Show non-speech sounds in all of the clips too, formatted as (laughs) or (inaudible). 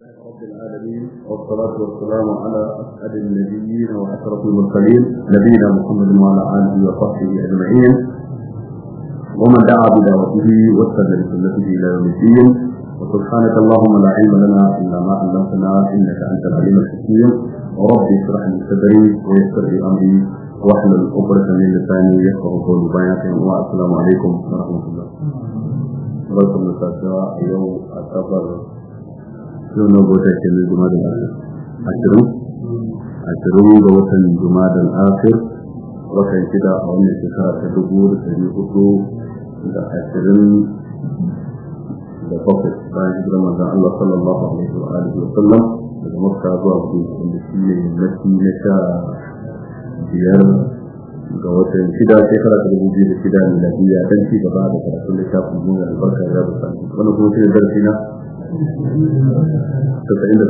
رب العالمين والصلاة والسلام على أسعد النبيين وأشرف المرسلين نبينا محمد وعلى آله وصحبه أجمعين ومن دعا بدعوته واتبع سنته إلى يوم الدين وسبحانك اللهم لا علم لنا إلا ما علمتنا إنك أنت العليم الحكيم ورب اشرح لي صدري ويسر لي أمري واحلل عقدة من لساني يفقه قولي بيانكم والسلام عليكم ورحمة الله. بركة الله يوم أكبر yau na bauta ke nan da ga watan juma da asir watan shida a wannan shekara ta dubu da dari hudu da ashirin da bakwai bayan hijirar manzon Allah sallallahu alaihi wa alihi wa sallam daga Makka zuwa Madina wanda shi ne mafi na sha biyar ga watan shida shekara ta dubu biyu da shida miladiya dan ci gaba da karatun littafin mun albarka rabu sani wannan kuma shi ne darasi na تسعين ده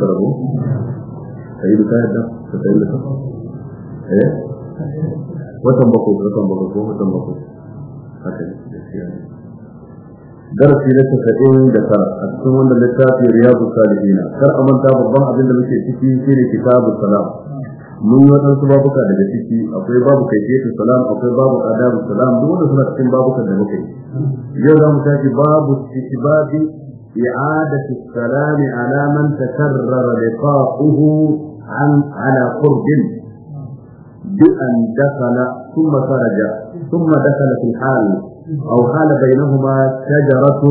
ta تسعين ايه darasi na da tara a cikin wanda littafi riyadu kar a manta babban abin da muke ciki shine kitabu salam mun yi wadansu babuka daga ciki akwai babu kaifiyatu salam akwai babu adabu salam duk wanda suna cikin babukan da muke yi yau za mu tafi babu istibabi إعادة السلام على من تكرر لقاؤه عن على قرب بأن دخل ثم خرج ثم دخل في الحال أو حال بينهما شجرة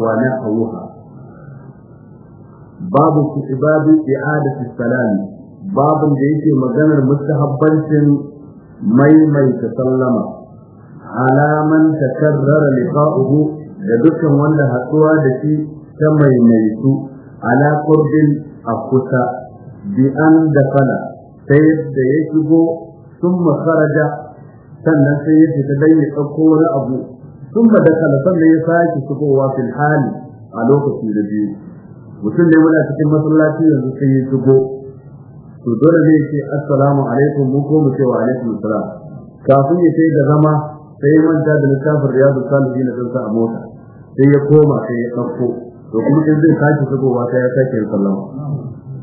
ونحوها باب استحباب إعادة السلام باب جيش مجانا مستحبا ميميت تسلم على من تكرر لقاؤه da dukkan wanda haɗuwa da shi ta maimaitu ala kurbin a kusa bi an dafala sai da ya shigo sun makaraja sannan sai ya fita don ya ɗauko wani abu sun ba kala sannan ya sake shigowa fil hali a lokaci da biyu mutum ne muna cikin masallaci yanzu sai ya shigo to dole ne ce assalamu alaikum mu ko mu ce wa alaikum salam kafin ya kai da zama sai ya manta da littafin riyadu salihin da kansa a mota sai ya koma sai ya ɗauko to kuma sai zai sake shigowa sai ya sake sallama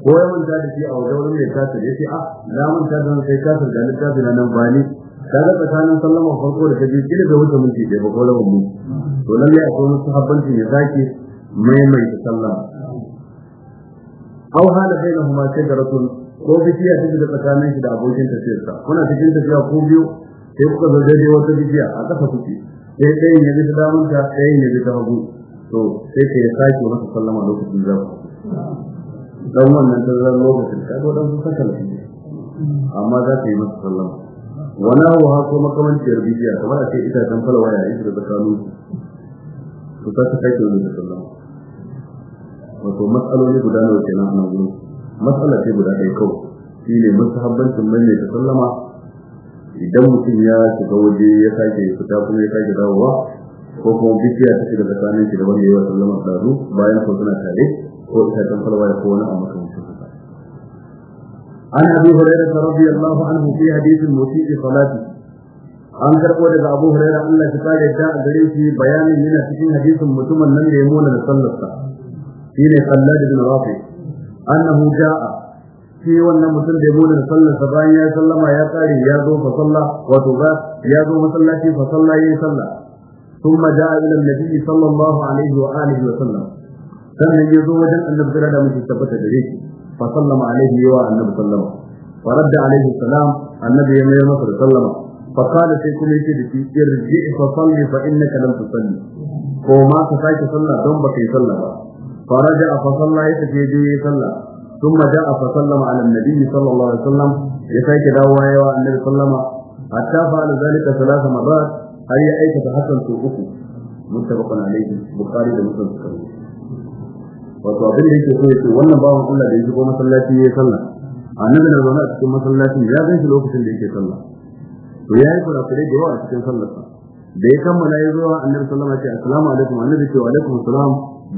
ko ya manta da shi a wajen wani ya kasar ya ce a ah, na manta da sai kasar da nan na nan ba ne. ta ga tsakanin sallama farko da ta biyu kila da wuce minti ɗaya ba ko rabin mu to lalle akwai wasu habbanci ya sake maimaita sallama au hala sai na da rasul ko bishiya ta shiga tsakanin shi da abokin tafiyarsa kuna cikin tafiya ko biyu sai kuka zarge wata bishiya a ƙasa kuke sai ɗayan ya bi ta damunta ɗayan ya bi ta hagu to sai ka ya sake masa sallama lokacin zama dan wannan tazarar lokacin ka ga wadansu sakal amma za ka yi masa sallama wani hau ha ko makamanciyar bidiya kamar a ce ita dan falawa ya yi da tsakanin su ta ta sake wani da sallama wato matsaloli guda nawa kenan a nan gurin matsala ce guda ɗaya kawai shi ne musahabbancin mai ta sallama idan mutum ya shiga waje ya sake fita kuma ya sake dawowa ko kuma bishiya ta shiga tsakanin shi da wani yawa yi sallama tsaro bayan ko suna tare ko ta kan falwa ko wani abu kan shi عن ابي هريره رضي الله عنه في حديث المسيء salati an karbo daga abu hurairah Allah ya kare da gare shi bayanin yana cikin hadisin mutumin nan da ya mona da sallarsa shine sallad ibn rafi annahu jaa shi wannan mutum da ya bude sallar sa bayan ya sallama ya kare ya zo fa salla wato ba ya zo masallaci fa salla an-nabi sallallahu alaihi wa alihi wa sallam ya zo wajen annabi sallallahu alaihi wa tabbata da shi fa sallama alaihi wa annabi sallama fa radda alaihi salam annabi ya mai masa sallama fa sai kuma yake da shi irji fa salli fa innaka lam tusalli ko ma ka sake sallah don baka yi sallah ba faraja fa salla ya tafi ثم جاء فسلم على النبي صلى الله عليه وسلم يساك دعوة يا النبي صلى الله عليه وسلم حتى فعل ذلك ثلاث مرات هل يأيك حسن سوءكم متفق عليه بخاري ومسلم كريم wato abin da yake so yake wannan bawan Allah da ya shigo masallaci ya sallah annabi na zaune a cikin ya gan lokacin da yake sallah to ya yi kurakure da yawa a cikin sallarsa da ya kammala ya zo annabi sallama ce assalamu alaikum wa alaikum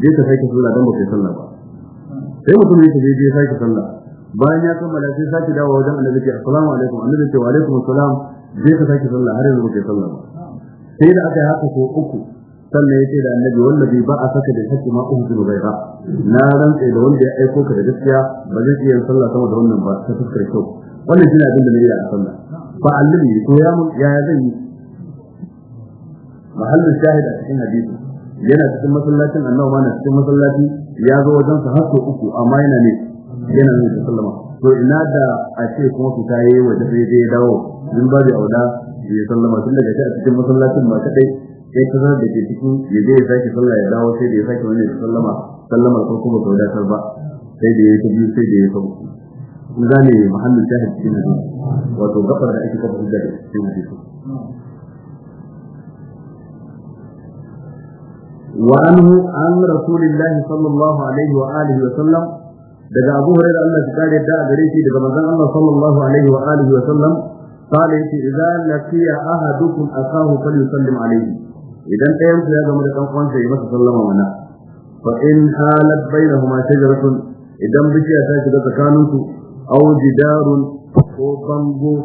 ka sake ba ba sai mutum ya tafi je sake sallah bayan ya kammala sai sake dawo wajen annabi ce assalamu alaikum annabi ce wa alaikum assalam zai ka sake sallah har yanzu bai sallah ba sai da aka yi haka ko uku sannan ya ce da annabi wallabi ba a saka da haƙƙi ma uku uhzuru bai ba na rantsa da wanda ya aiko ka da gaskiya ba zai iya sallah sama da wannan ba ta fuskar kyau wannan shi ne abin da na yi a sallah fa annabi ko ya mun ya zan yi mahallin shahid a cikin hadisi yana cikin masallacin annabawa na cikin masallaci ya zo wajen sa har uku amma yana ne yana ne da sallama to ina da a ce kuma ta yi waje sai dai dawo in ba da auda ya sallama tun daga a cikin masallacin ma kadai sai ta zar da ke cikin ya je ya sake sallah ya dawo sai da ya sake wani sallama sallamar ko kuma ta wadatar ba sai da ya yi ta biyu sai da ya ta uku kun gane mahallin shahid cikin hadisi wato gabar da ake kafa hujja da cikin hadisi وعنه عن رسول الله صلى الله عليه وآله وسلم daga Abu Hurairah Allah ya kare da gare shi daga manzon Allah sallallahu alaihi wa alihi wa sallam قال يتي إذا لقي أحدكم أخاه فليسلم عليه إذا أيام في هذا مرة كان قوانسة يمس سلم ونا فإن حالت بينهما شجرة إذا بشي أساك تتكانوك أو جدار أو بنبو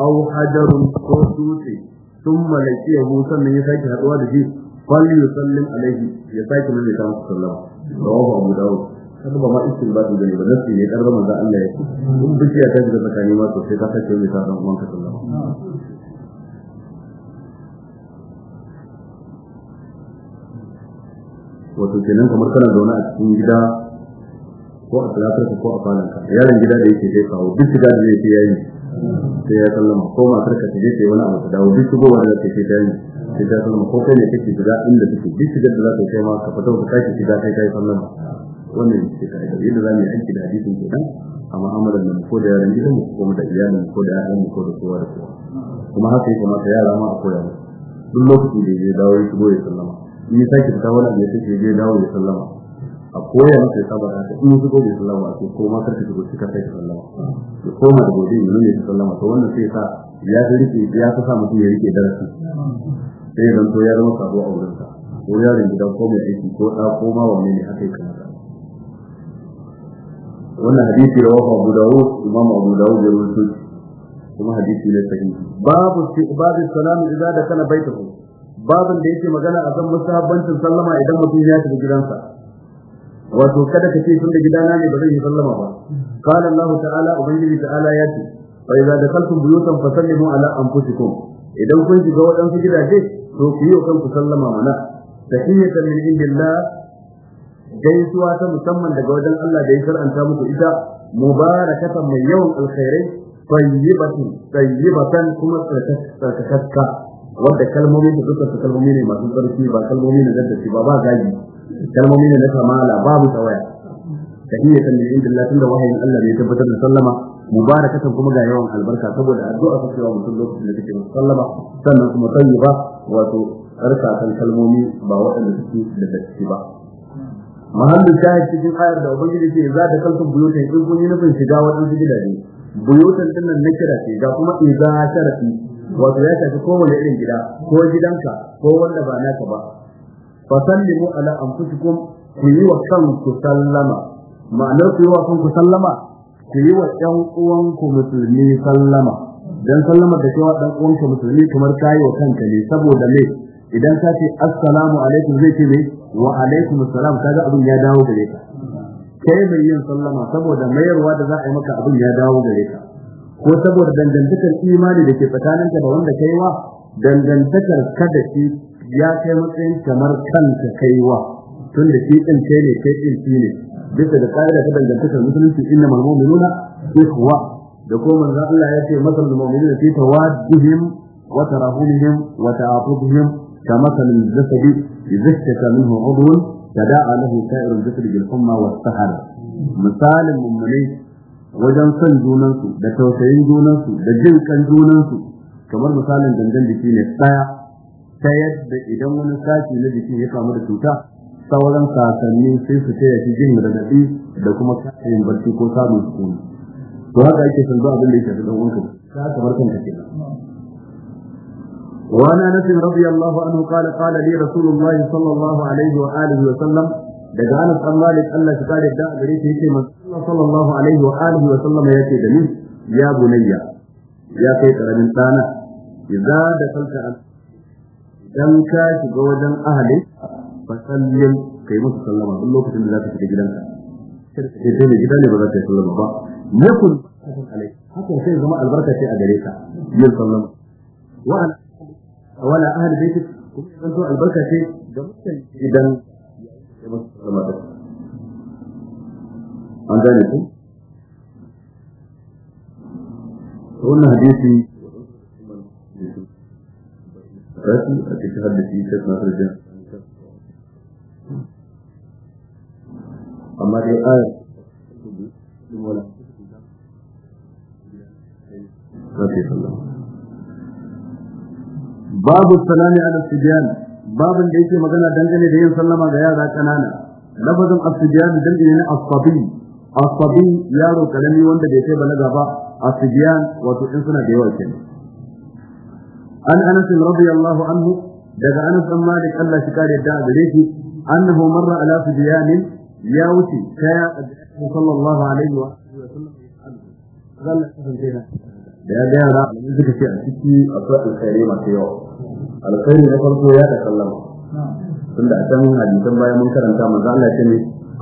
أو حجر أو سوسي ثم لقيه سنة يساك هدوا دشيك fali yusallim alaihi ya sake mai ta masa sallama rawahu abu dawud kada ba ma ba istinbati bane ba nasi ne karba manzo Allah ya ce in ya tafi da tsakani ma to sai ka sake mai ta dan uwanka sallama wato kenan kamar kana zaune a cikin gida ko a talatar ko a falon ka. yaron gida da yake kai kawo duk gida da yake yayi sai ya sallama ko ma karka ta je wani abu ta dawo duk shigowa da take ta yi sai ta sallama ko kai ne kake shiga inda kake duk shigar da za ka kai ma ka fito ka shiga kai kai sallama wannan yadda za mu yi aiki da hadisin a mu'amalar mu ko da yaran gidan mu ko da iyalin ko da ƴaƴan mu ko da kowa da kowa kuma haka ya kamata yara ma a koya mu duk lokacin da ya dawo ya shigo ya sallama in ya sake fita wani abu ya sake ya dawo ya sallama a koya masa ya saba haka in shigo ya sallama a ce ko ma karka shigo shi ka sai ka sallama ya koma da gobe ya nuna ya sallama to wannan sai sa ya rike ya fi sa mutum ya rike darasi sai zan zanto ya zama sabo a wurinsa ko yaron gida ko mai aiki ko ɗa ko ma wanne ne haka yake kamata wannan hadisi rawahu Abu Dawud Imam Abu Dawud ya rubuta kuma hadisi ne sahihi babu shi babu salamu idza kana baitahu babin da yake magana a kan mustahabbancin sallama idan mutum ya shiga gidansa wato kada ka ce tun da gidana ne ba zan yi sallama ba qala Allah ta'ala ubangiji ta'ala ya ce fa idza dakaltum buyutan fasallimu ala anfusikum idan kun shiga wadansu gidaje to ku yi wa kanku sallama mana min gaisuwa ta musamman daga wajen Allah da ya shar'anta muku ita mubarakatan mai yawan alkhairai tayyibatan tayyibatan kuma tsarkakakka wanda kalmomin da duka kalmomi ne masu tsarki ba kalmomi ne da ba ba gaji kalmomi ne na kamala babu tawaya tahiyyatan min indillah tunda wahayin Allah ne ya tabbatar da sallama mubarakatan kuma ga yawan albarka saboda addu'a ta cewa mutum lokacin da take sallama sannan kuma tayyiba wato tsarkakan kalmomi ba waɗanda suke da gaske ba mahallin shahid cikin ayar da ubangiji ke za da kalkan buyutan in kun yi nufin shiga waɗansu gidaje buyutan din na kira ce ga kuma iza sharafi wato ya shafi kowane irin gida ko gidanka ko wanda ba naka ba fa sallimu ala anfusikum ku yi wa kanku sallama ma'anar ku yi wa kanku sallama ku yi wa ƴan uwanku musulmi sallama dan sallama da cewa dan uwanka musulmi kamar kayi wa kanka ne saboda me idan ka ce assalamu alaikum zai ce me wa alaikum assalam kaga abin ya dawo gare ka kai mai yin sallama saboda mayarwa da za a yi maka abin ya dawo gare ka ko saboda dangantakar imani da ke ka da wanda kai wa dangantakar ka da shi ya kai matsayin kamar kanka kaiwa tun da shi din kai ne kai din shi ne bisa da ƙa'ida ta dangantakar musulunci innamal mu'minuna ikhwa da ko manzo Allah ya ce masalul mu'minina fi tawaddihim wa tarahumihim wa ta'atufihim kamasalil jasadi idza ishtaka minhu 'udwun tada'a lahu sa'irul jasadi bil humma was sahar misalin mu'minai wajen son junansu da tausayin junansu da jin kan junansu kamar misalin dandan jiki ne tsaya ta yadda idan wani sashi na jiki ya kamu da cuta sauran sasanni sai su taya shi jin radadi da kuma kayan barci ko samun sukuni to haka ake san ba abin da yake da wanka ka kamar kanka kenan وعن انس رضي الله عنه قال قال لي رسول الله صلى الله عليه واله وسلم daga anas an malik Allah shi kare da gare shi yake manzo sallallahu alaihi wa alihi wa sallam yake da ni ya bunayya ya kai karamin dana idza da kalka dan ka shiga wajen ahli fa sallim kai musu sallama lokacin da shiga sai ne ba za ba yakun alai haka sai zama albarka ce a gare ka yin sallama wa an wala ahli baiti kuma zan albarka ce ga mutan idan ya musu sallama da an gane ku wannan a cikin Babu ta yi babu salami ala sibiyan da yake magana dangane da yin sallama ga yara kanana lafazin asibiyan dangane na asabi asabi yaro karami wanda bai kai balaga ba asibiyan wato in suna da yawa kenan an anas radiyallahu anhu daga anas bin malik Allah shi kare da gare shi annahu marra ala sibiyan ya wuce ta ya sallallahu alaihi da ya gaya na abin suka ce a ciki a akwai alkhairi masu yawa alkhairi na farko ya ta sallama tunda a can hadisan bayan mun karanta manzo Allah ce ne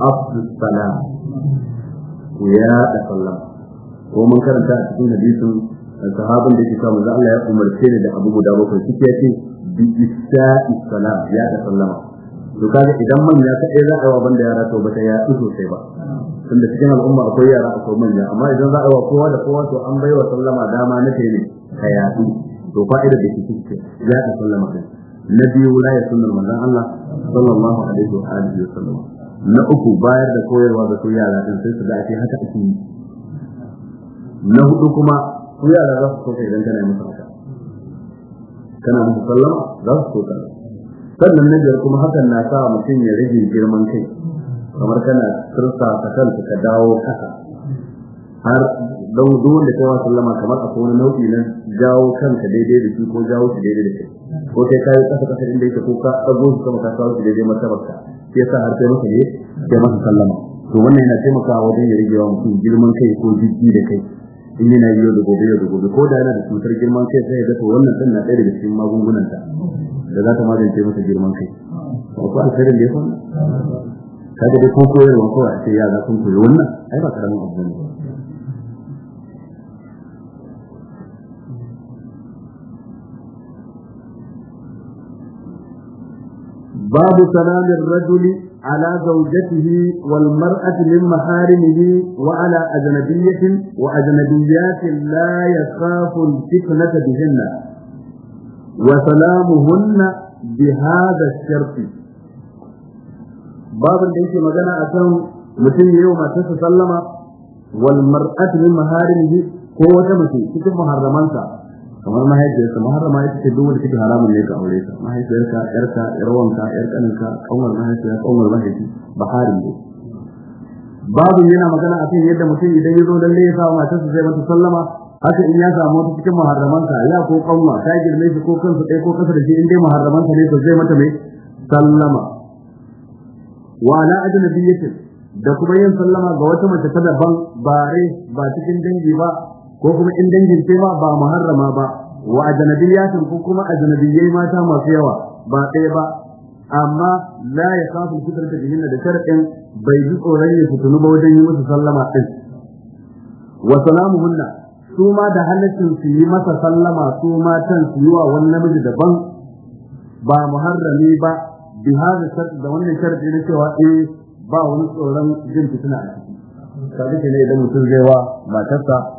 afdus salam ku ya ta sallama ko mun karanta a cikin hadisin sahabin da yake cewa manzo Allah ya umarce ni da abu guda bakwai suke ce bi isa'i salam ya ta sallama to kaga idan manya ka ɗaya za a yi wa banda yara to ba ta yaɗu sosai ba tunda cikin al'umma akwai yara a akwai manya amma idan za a yi wa kowa da kowa to an bai wa sallama dama na ta ne ka yaɗu to fa'ida da ke cikin ya ta sallama kai na biyu la ya sunnar manzon Allah sallallahu alaihi wa alihi wa sallam na uku bayar da koyarwa ga su yara din sai su da ake haka ake yi na hudu kuma su yara za su so idan kana musu haka kana musu sallama za su so ka sannan na biyar kuma hakan na sa mutum ya rage girman kai kamar kana turta ta kanta ka dawo kasa har don zuwan da kawai sallama kamar a wani nau'i na jawo kanka daidai da shi ko jawo shi daidai da shi ko kai ka yi kasa kasa inda yake ko ka ɗago shi sama ka kawo shi daidai martabarka sai sa har sai masa ne sai masa sallama to wannan yana taimakawa wajen ya rage wa mutum girman kai ko jiki da kai in yana yi yau da gobe yau da gobe ko da yana da cutar girman kai sai ya to wannan din na ɗaya daga cikin magungunanta da za ta magance masa girman kai ba ku alkhairin da ya fa ga dai ko koyarwa ko a ce yara kun koyi wannan ai ba karamin abu ne babu سلام الرجل على زوجته والمرأة من محارمه وعلى أجنبية وأجنبيات لا يخاف الفتنة بهن وسلامهن بهذا الشرط باب الدنيا مجانا أسان مثل يوم تسلم والمرأة من محارمه قوة مثل كتب محرمانك kamar mahaifiyarsa maharrama ita ce duk wanda take haramun ne ga aure ta mahaifiyarka yarka yarwanka yarkaninka kanwar mahaifiya kanwar mahaifi baharin ne babu yana magana a kan yadda mutum idan ya zo lalle ya sa su sai mata sallama haka in ya samu wata cikin muharramanta ya ko kanwa ta girme shi ko kansa ɗaya ko kasa da shi in dai muharramanta ne to zai mata mai sallama wa ala ajnabiyyatin da kuma yin sallama ga wata mace ta daban bare ba cikin dangi ba ko kuma in dangin ce ma ba muharrama ba wa ajnabiyatin ko kuma ajnabiyai mata masu yawa ba ɗaya ba amma la ya kafu fitar da jihinna da sharɗin bai ji tsoron ya fitunu ba wajen yi musu sallama ɗin wa salamuhunna su ma da halittin su yi masa sallama su matan su yi wa wani namiji daban ba muharrami ba bi hada da wannan sharɗi na cewa eh ba wani tsoron jin fitina a ciki kaji ne idan mutum zai wa matarsa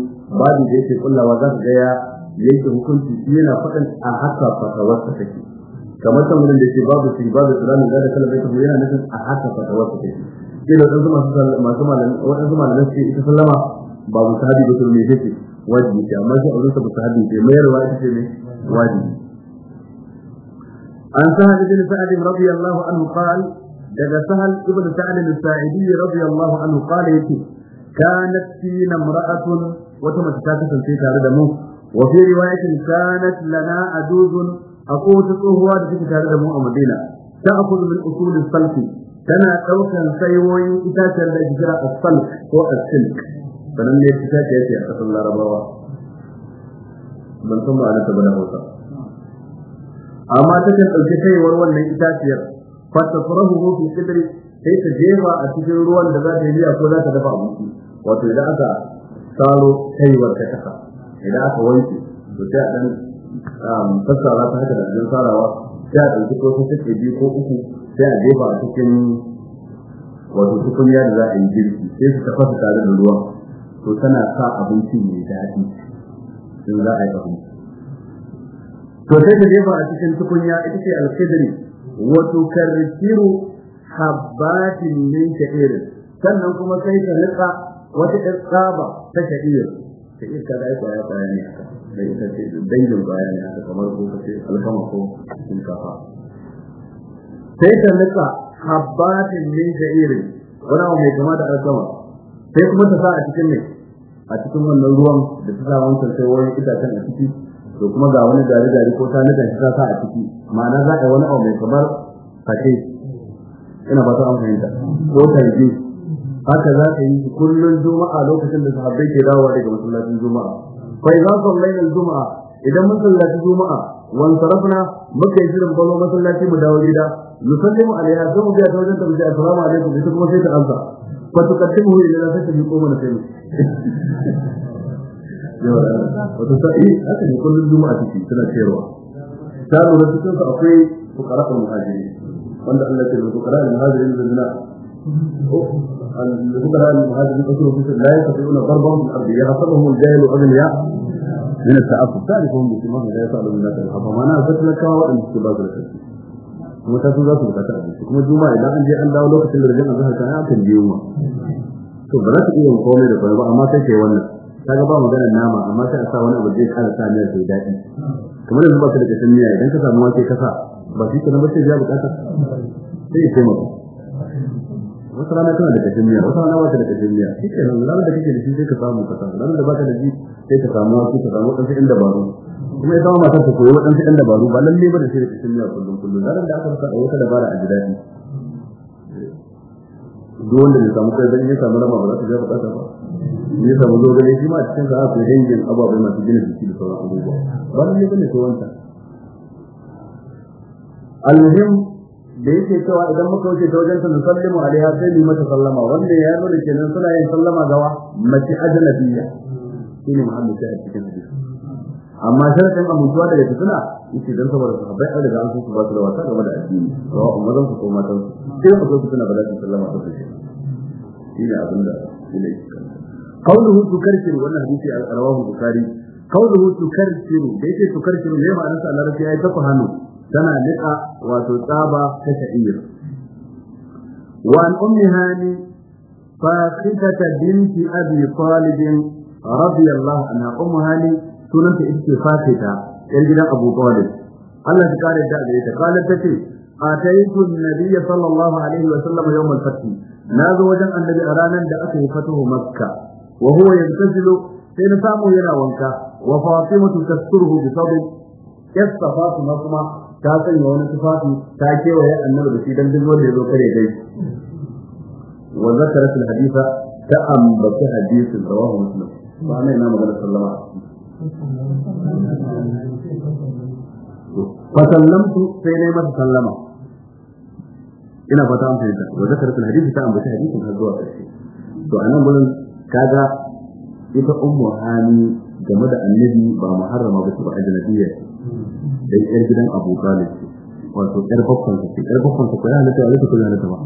babu da yake kullawa za ka gaya ya yake hukunci shi yana faɗin a haka fatawarsa take kamar kan wurin da yake babu shi babu tsiranin da kala bai tafi yana nufin a haka fatawarsa take sai da wadansu masu malamai wadansu malamai suke ita sallama babu sahabi da turmi take wajibi ce amma sai a wurin sa sahabi ce mayarwa ita ce ne wajibi عن سهل بن سعد رضي الله عنه قال daga sahal ibn sa'd al-sa'idi radiyallahu anhu qala yake kanat fi namra'atun wata mace ta kasance tare da mu wa fi riwayatin kanat lana aduzun akwai wata tsohuwa da take tare da mu a Madina ta akulu min usulin salfi tana daukan saiwoyin itacen da ake kira as-salf ko as-silk sanan ne itace yake a kasar Larabawa ban san ba ta bada hausa amma ta kan dauki saiwar wannan itaciyar fa tafrahu fi sidri sai ta jefa a cikin ruwan da za ta yi ko za ta dafa abinci wato idan aka kalo kaiwar ta kasa idan aka wanke to sai a dan fassara um, ta haka da abin farawa sai a ɗauki ko sun take biyu ko uku sai a jefa a cikin wato tukunya da za a yi girki sai su tafasa tare da ruwa to tana sa abinci mai daɗi in za a yi abinci to sai ta jefa a cikin tukunya ita ce alkhidri wato karkiru habbatin min irin, sannan kuma sai ka rika wata tsaba ta sha'ir sha'ir ka dai kwaya kwaya ne haka da ita ce dangin kwaya ne haka kamar ko ka ce alkama ko shinkafa sai ta nika habbatin min sha'ir wani abu mai kama da alkama sai kuma ta sa a cikin ne a cikin wannan ruwan da ta sa wancan sai wurin itacen a ciki to kuma ga wani gari-gari ko ta nika ta sa a ciki ma'ana za a yi wani abu mai kamar sake ina ba ta an fahimta ko tarbi haka za ka yi kullum juma'a lokacin da sahabbai ke dawowa daga masallacin juma'a fa idza sallayna juma'a idan mun sallaci juma'a wan sarafna muka yi shirin balo masallaci mu dawo gida nusallimu alaiha sai mu ga ta wajen tabbata assalamu alaikum ita kuma sai ta amsa fa tuqaddimu ila la tasbi ko mana sai wato sa'i aka ne kullum juma'a take tana cewa ta lura cikin akwai fuqara'ul muhajirin wanda Allah ya ce fuqara'ul muhajirin da الفقراء المهاجرين قتلوا في لا يستطيعون ضربهم الجاهل من بسمهم لا الناس الحظ لك iya komai da kwai ba amma sai kai wannan ta ga ba a sa wani abu miya wata rana tana da kashin miya wata rana wata da kashin miya shi nan ranar da kake da shi sai ka samu ka samu ranar da baka da shi sai ka samu wasu ka samu waɗansu ɗan dabaru kuma ya samu ta koyi waɗansu ɗan dabaru ba lalle ba da sai da kashin miya kullum kullum ranar da aka rasa a wata dabara a ji daɗi duk wanda bai samu kai zan ya samu rama ba za ta ja bukata ba ya samu zo gane shi ma a cikin sa'a sai dangin ababai masu gina jiki da sauran abubuwa ba lalle ba ne ko wanta almuhim da yake cewa idan muka wuce ta wajen tun sallimu alaiha sai mu mata sallama wanda ya nuna kenan suna yin sallama gawa mace ajnabiyya shine muhammad sai a cikin hadisi amma sharadin amintuwa daga fitina yake dan saboda sahabbai an daga an so su ba su da wata game da addini wa ummadan ku ko matan sai ku so fitina ba za su sallama ba su shine abinda shine قوله تكرر وانا حديث رواه البخاري قوله تكرر ليس تكرر ليه معنى ya yi ta تفهمه tana nika wato tsaba ta sha'ir wa an ummi hani fakhidata binti abi talib radiyallahu anha ummu hani sunanta ita fakhida yan gidan abu talib Allah ya kare da gare ta kalar tace ataitu an-nabiy sallallahu alaihi wa sallam yawm al-fath nazo wajen annabi a ranar da aka yi fatuhu makka wa huwa yantazilu sai na samu yana wanka wa fatimatu tasturuhu bi sabr yasta fatima kuma ta sanya wani tufafi ta kewaye annabi da shi dan duk wanda ya zo kare dai wa zakarat al haditha ta ambaci hadisin rawahu muslim ba nan na magana sallama fa sallamtu sai nayi masa sallama ina fata an fahimta wa zakarat al haditha ta ambaci hadisin har zuwa karshe. to anan gurin kaga ita ummu hani game da annabi ba muharrama ba ta ba ajnabiyya dan yar gidan Abu Talib wato yar bakon ta ce yar bakon ta kuma halatta alaka kuma ta ba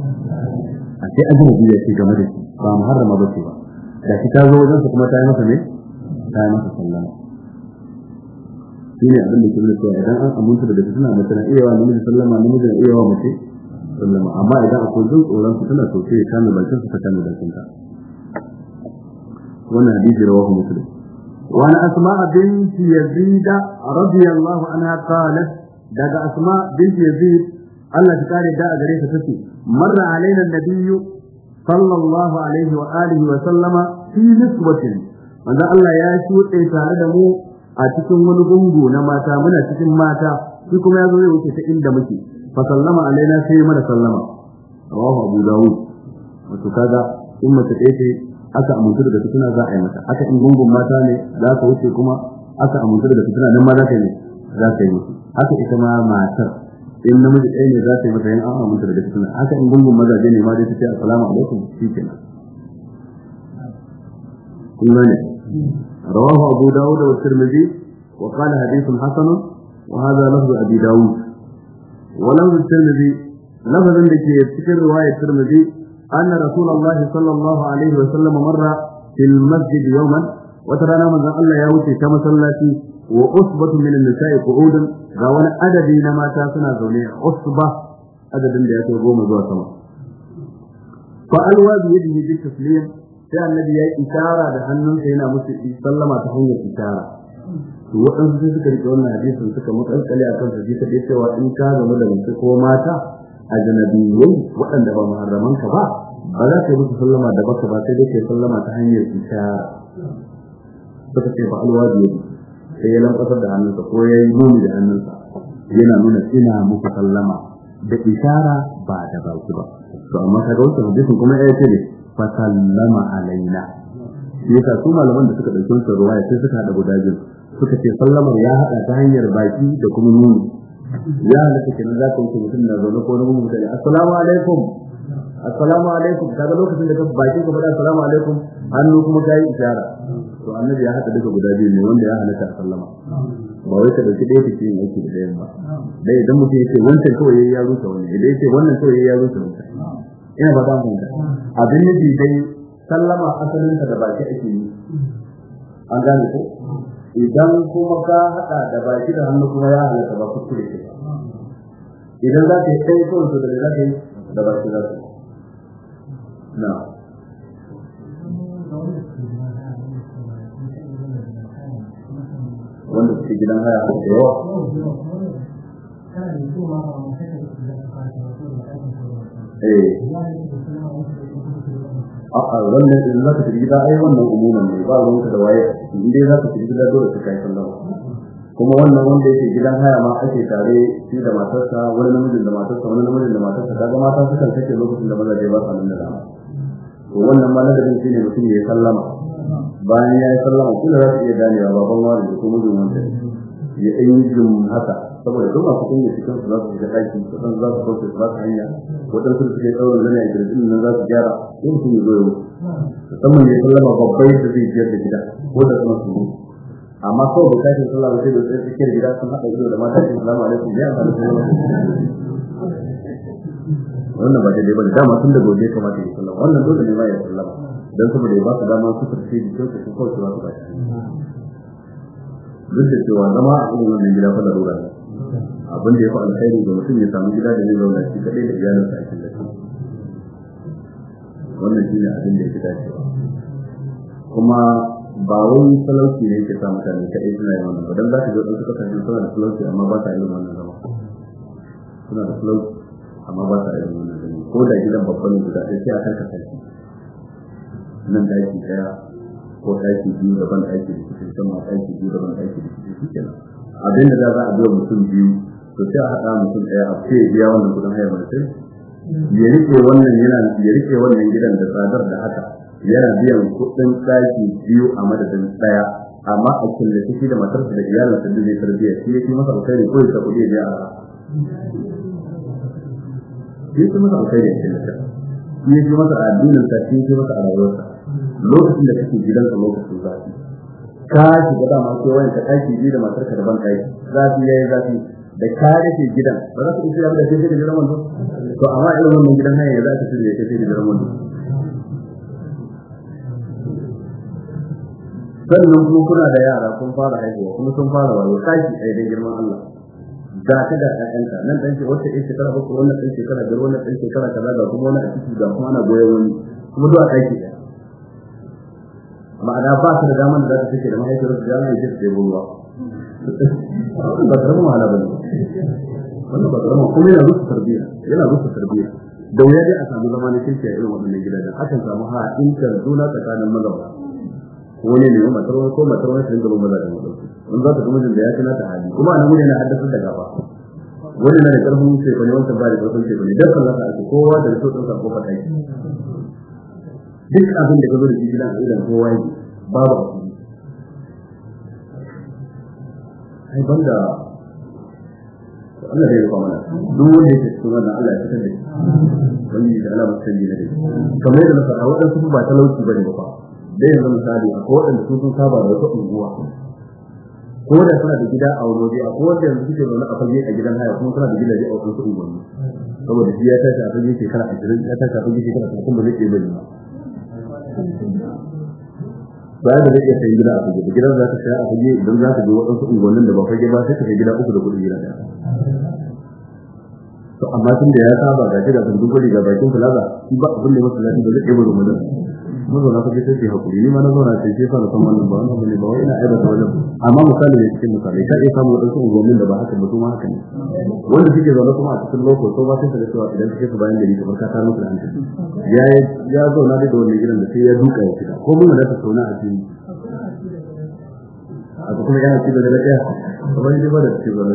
a sai ajnabi ya ce game da shi ba muharrama ba ce ba da shi ta zo wajen kuma ta yi masa ne ta yi masa sallama shine abin da ke nuna cewa idan an amince daga suna mace na iya wa namiji sallama namiji na iya wa mace sallama amma idan akwai jin tsoron su tana sosai ya kame bakin su ta kame bakin ta wannan hadisi rawahu muslim وعن أسماء بنت يزيد رضي الله عنها قالت دقى أسماء بنت يزيد الله تكاري داء ذريك تسي مر علينا النبي صلى الله عليه وآله وسلم في نسوة wanda Allah ya shuɗe tare da mu a cikin wani gungu na mata muna cikin mata shi kuma ya zo ya wuce ta inda muke fa sallama alaina sai mana sallama rawahu abu dawud wato kaga in mace ɗaya aka amintu daga fitina za a yi mata aka in gungun mata ne za ka wuce kuma aka amintu daga fitina nan ma za ka yi za ka yi musu haka ita ma matar in namiji ɗaya ne za ta yi mata yin an amintu daga fitina haka in gungun mazaje ne ma dai ta ce assalamu alaikum shi kenan kun gane رواه أبو داود والترمذي وقال حديث حسن وهذا لفظ أبي داود ولفظ الترمذي لفظ ذلك في رواية الترمذي أن رسول الله صلى الله عليه وسلم مر في المسجد يوما وترى نام قال يا وتي كما صلاتي وأصبة من النساء قعودا غوانا أدبي نما تاسنا زوني أصبة أدبا لأتي الروم زوى سما فألوى بيده بالتسليم sai annabi ya yi isara da hannunsa yana musu sallama ta hanyar isara to wadansu sai suka rike wannan hadisin suka mutsalkale akan su ji ta dai cewa in ka gamu da mutum ko mata A ajnabiyyin waɗanda ba muharramanka ba ba za ka yi musu sallama da baka ba sai dai ka yi sallama ta hanyar isharar suka ce ba alwaji sai ya lankwasar da hannunsa ko ya yi nuni da hannunsa yana nuna ina muku sallama da ishara ba da baki ba to amma kaga wannan hadisin kuma ya ce ne fa sallama alaina sai ka su malaman da suka dauki wannan ruwaya sai suka hada guda biyu suka ce sallamar ya hada ta hanyar baki da kuma nuni ya halatta kenan za ka wuce mutum na zaune ko na mutane assalamu alaikum assalamu alaikum daga lokacin da ka baki ka faɗa assalamu alaikum hannu kuma ka yi ishara to annabi ya haɗa duka guda biyu ne wanda ya halatta sallama ba wai ka dauki ɗaya kake yin aiki da ɗayan ba dai idan mutum ya ce wancan kawai yayi yaro ta wani idan ya ce wannan kawai yayi yaro ta wani ina ba ta mun abin da dai sallama asalin ka da baki ake yi an gane ko idan kuma ka hada da baki da hannu kuma ya halatta ba kuskure idan za ta yi ɗaya kawai to daga za da ba su na wanda gidan haya a yawa eh. a'a wannan idan za ka ai wannan ne ba ruwanka da waye za ka dole kai sallama kuma wannan wanda yake gidan haya ma ake tare shi da matarsa wani namijin da matarsa wani namijin da matarsa kaga mata sukan kace lokacin da mazaje ba su nan da dama to wannan ma ladabin shine mutum ya sallama bayan ya yi sallama kula za su iya ganewa baban wani da kuma mijin wanda ya ɗan yi jin haka saboda duk masu kunya cikin su za su shiga ɗaki waɗansu za su kauce su ba su hanya waɗansu da suke ɗaurin zane a girgin nan za su gyara ko mutum ya zo ya mutu musamman ya sallama babbai da zai biyar da gida ko da kuma su mutu amma ko bukatun kai sun sai da sai cikin gida sun haɗa ido da mata sun salamu da ya amfani da wannan ba daidai ba da dama sun da gobe kamata ya yi. wannan dole ne ya sallama don saboda ya ba su dama su tarfi da kyau su kawai su ba su ba duk da cewa zama a irin wannan gida fa larura ne abin da ya fi alkhairi ga mutum ya samu gida da zai zauna shi kaɗai da iyalinsa a cikin da wannan shi abin da ya fi dacewa kuma ba wani talauci ne ke sa mutane ta ɗaya suna yin wannan ba don za ka ga wasu kasashe suna da talauci amma ba sa irin wannan zama suna da talauci amma ba sa irin wannan zama ko da gidan babban ne guda ɗaya sai a karka sarki nan ɗaki ɗaya ko ɗaki biyu daban ɗaki da kuke sama ɗaki biyu daban ɗaki da kuke shi kenan abin da za a biya mutum biyu to sai a haɗa mutum ɗaya a ce biya wannan kudin hayar sai ya rike wannan yana ya rike wannan gidan da tsadar da haka yana biyan kuɗin tsaki biyu a madadin ɗaya amma a kulle shi da matarsa da iyalinsa da zai tarbiyya shi ya masa alkhairi ko ya ta kuɗi ya ara shi ya masa alkhairi a killace shi ya fi masa addininsa shi ya masa a rayuwarsa lokacin da kake gidansa lokacin zafi ka shiga ma sai wani ka ɗaki biyu da matarka da ban zafi ya yi zafi da ka rufe gidan ba za ka iya da sai da jiran to amma irin wannan gidan haya za ka shirya sai da jiran wando sannan kuma kuna da yara kun fara haihuwa kuma sun fara wayo kashi ɗaya da girman Allah da ta da ɗanɗanta nan dan ce wata ɗan kana uku wannan ɗan kana da wannan ɗan kana kaza ga kuma wani a ciki ga kuma ana goyon wani kuma duk a ɗaki ɗaya ma'ana ba su da damar da za ta take da mahaifiyar su jami'a ya ce ruwa wannan ba karamin wahala ba ne wannan ba karamin kuma yana rufe tarbiyya yana rufe tarbiyya da wuya dai a samu zama na kirki a irin waɗannan gidajen akan samu ha'intar juna tsakanin mazauna wani ne matar ko matar wani sun gaba maza da mutum in za ta kuma jin da ya kana ta hali kuma anan wani na haddasa da gaba wani na da karfin ce bane wanda ba da karfin ce bane dan Allah ta ake kowa da so tsansa ko fata shi duk abin da gaba da shi gidan idan kowa yi babu ai banda Allah ya yi rufa mana duk wanda yake cikin wannan Allah ya fitar da shi wani da Allah ba sai da shi kamar yadda na faɗa waɗansu ba talauci bane ba da yanzu misali a kowanne su sun saba da wata unguwa ko da suna da gida a wani a kowanne yanzu suke zaune a fage a gidan haya kuma suna da gida a wasu unguwanni saboda shi ya tashi a fage shekara jirin ya tashi a fage shekara ashirin kuma zai iya bari ba bayan da zai iya sayi gida a fage da gidan za ta saya a fage idan za ta je waɗansu unguwannin da ba fage ba sai ka kai gida uku da kuɗi gida to amma tun da ya saba ga gida sun dubu ga bakin plaza shi ba abin da ya masu lafiya ba zai iya bari mu mun zauna kuma sai ke hakuri ni ma na zauna sai ke fara san wannan ba wannan bane ba ina aiba ta wajen amma misali ne cikin misali ka iya samu wadansu da ba haka ba su ma haka ne wanda suke zaune kuma a cikin ba sai ga cewa idan suke su bayan gari ta musu hankali ya ya zauna da wannan gidan da sai ya duka ya fita ko mun da ta zauna a cikin a kuma yana cikin da ɗaya kamar yadda ba da cikin da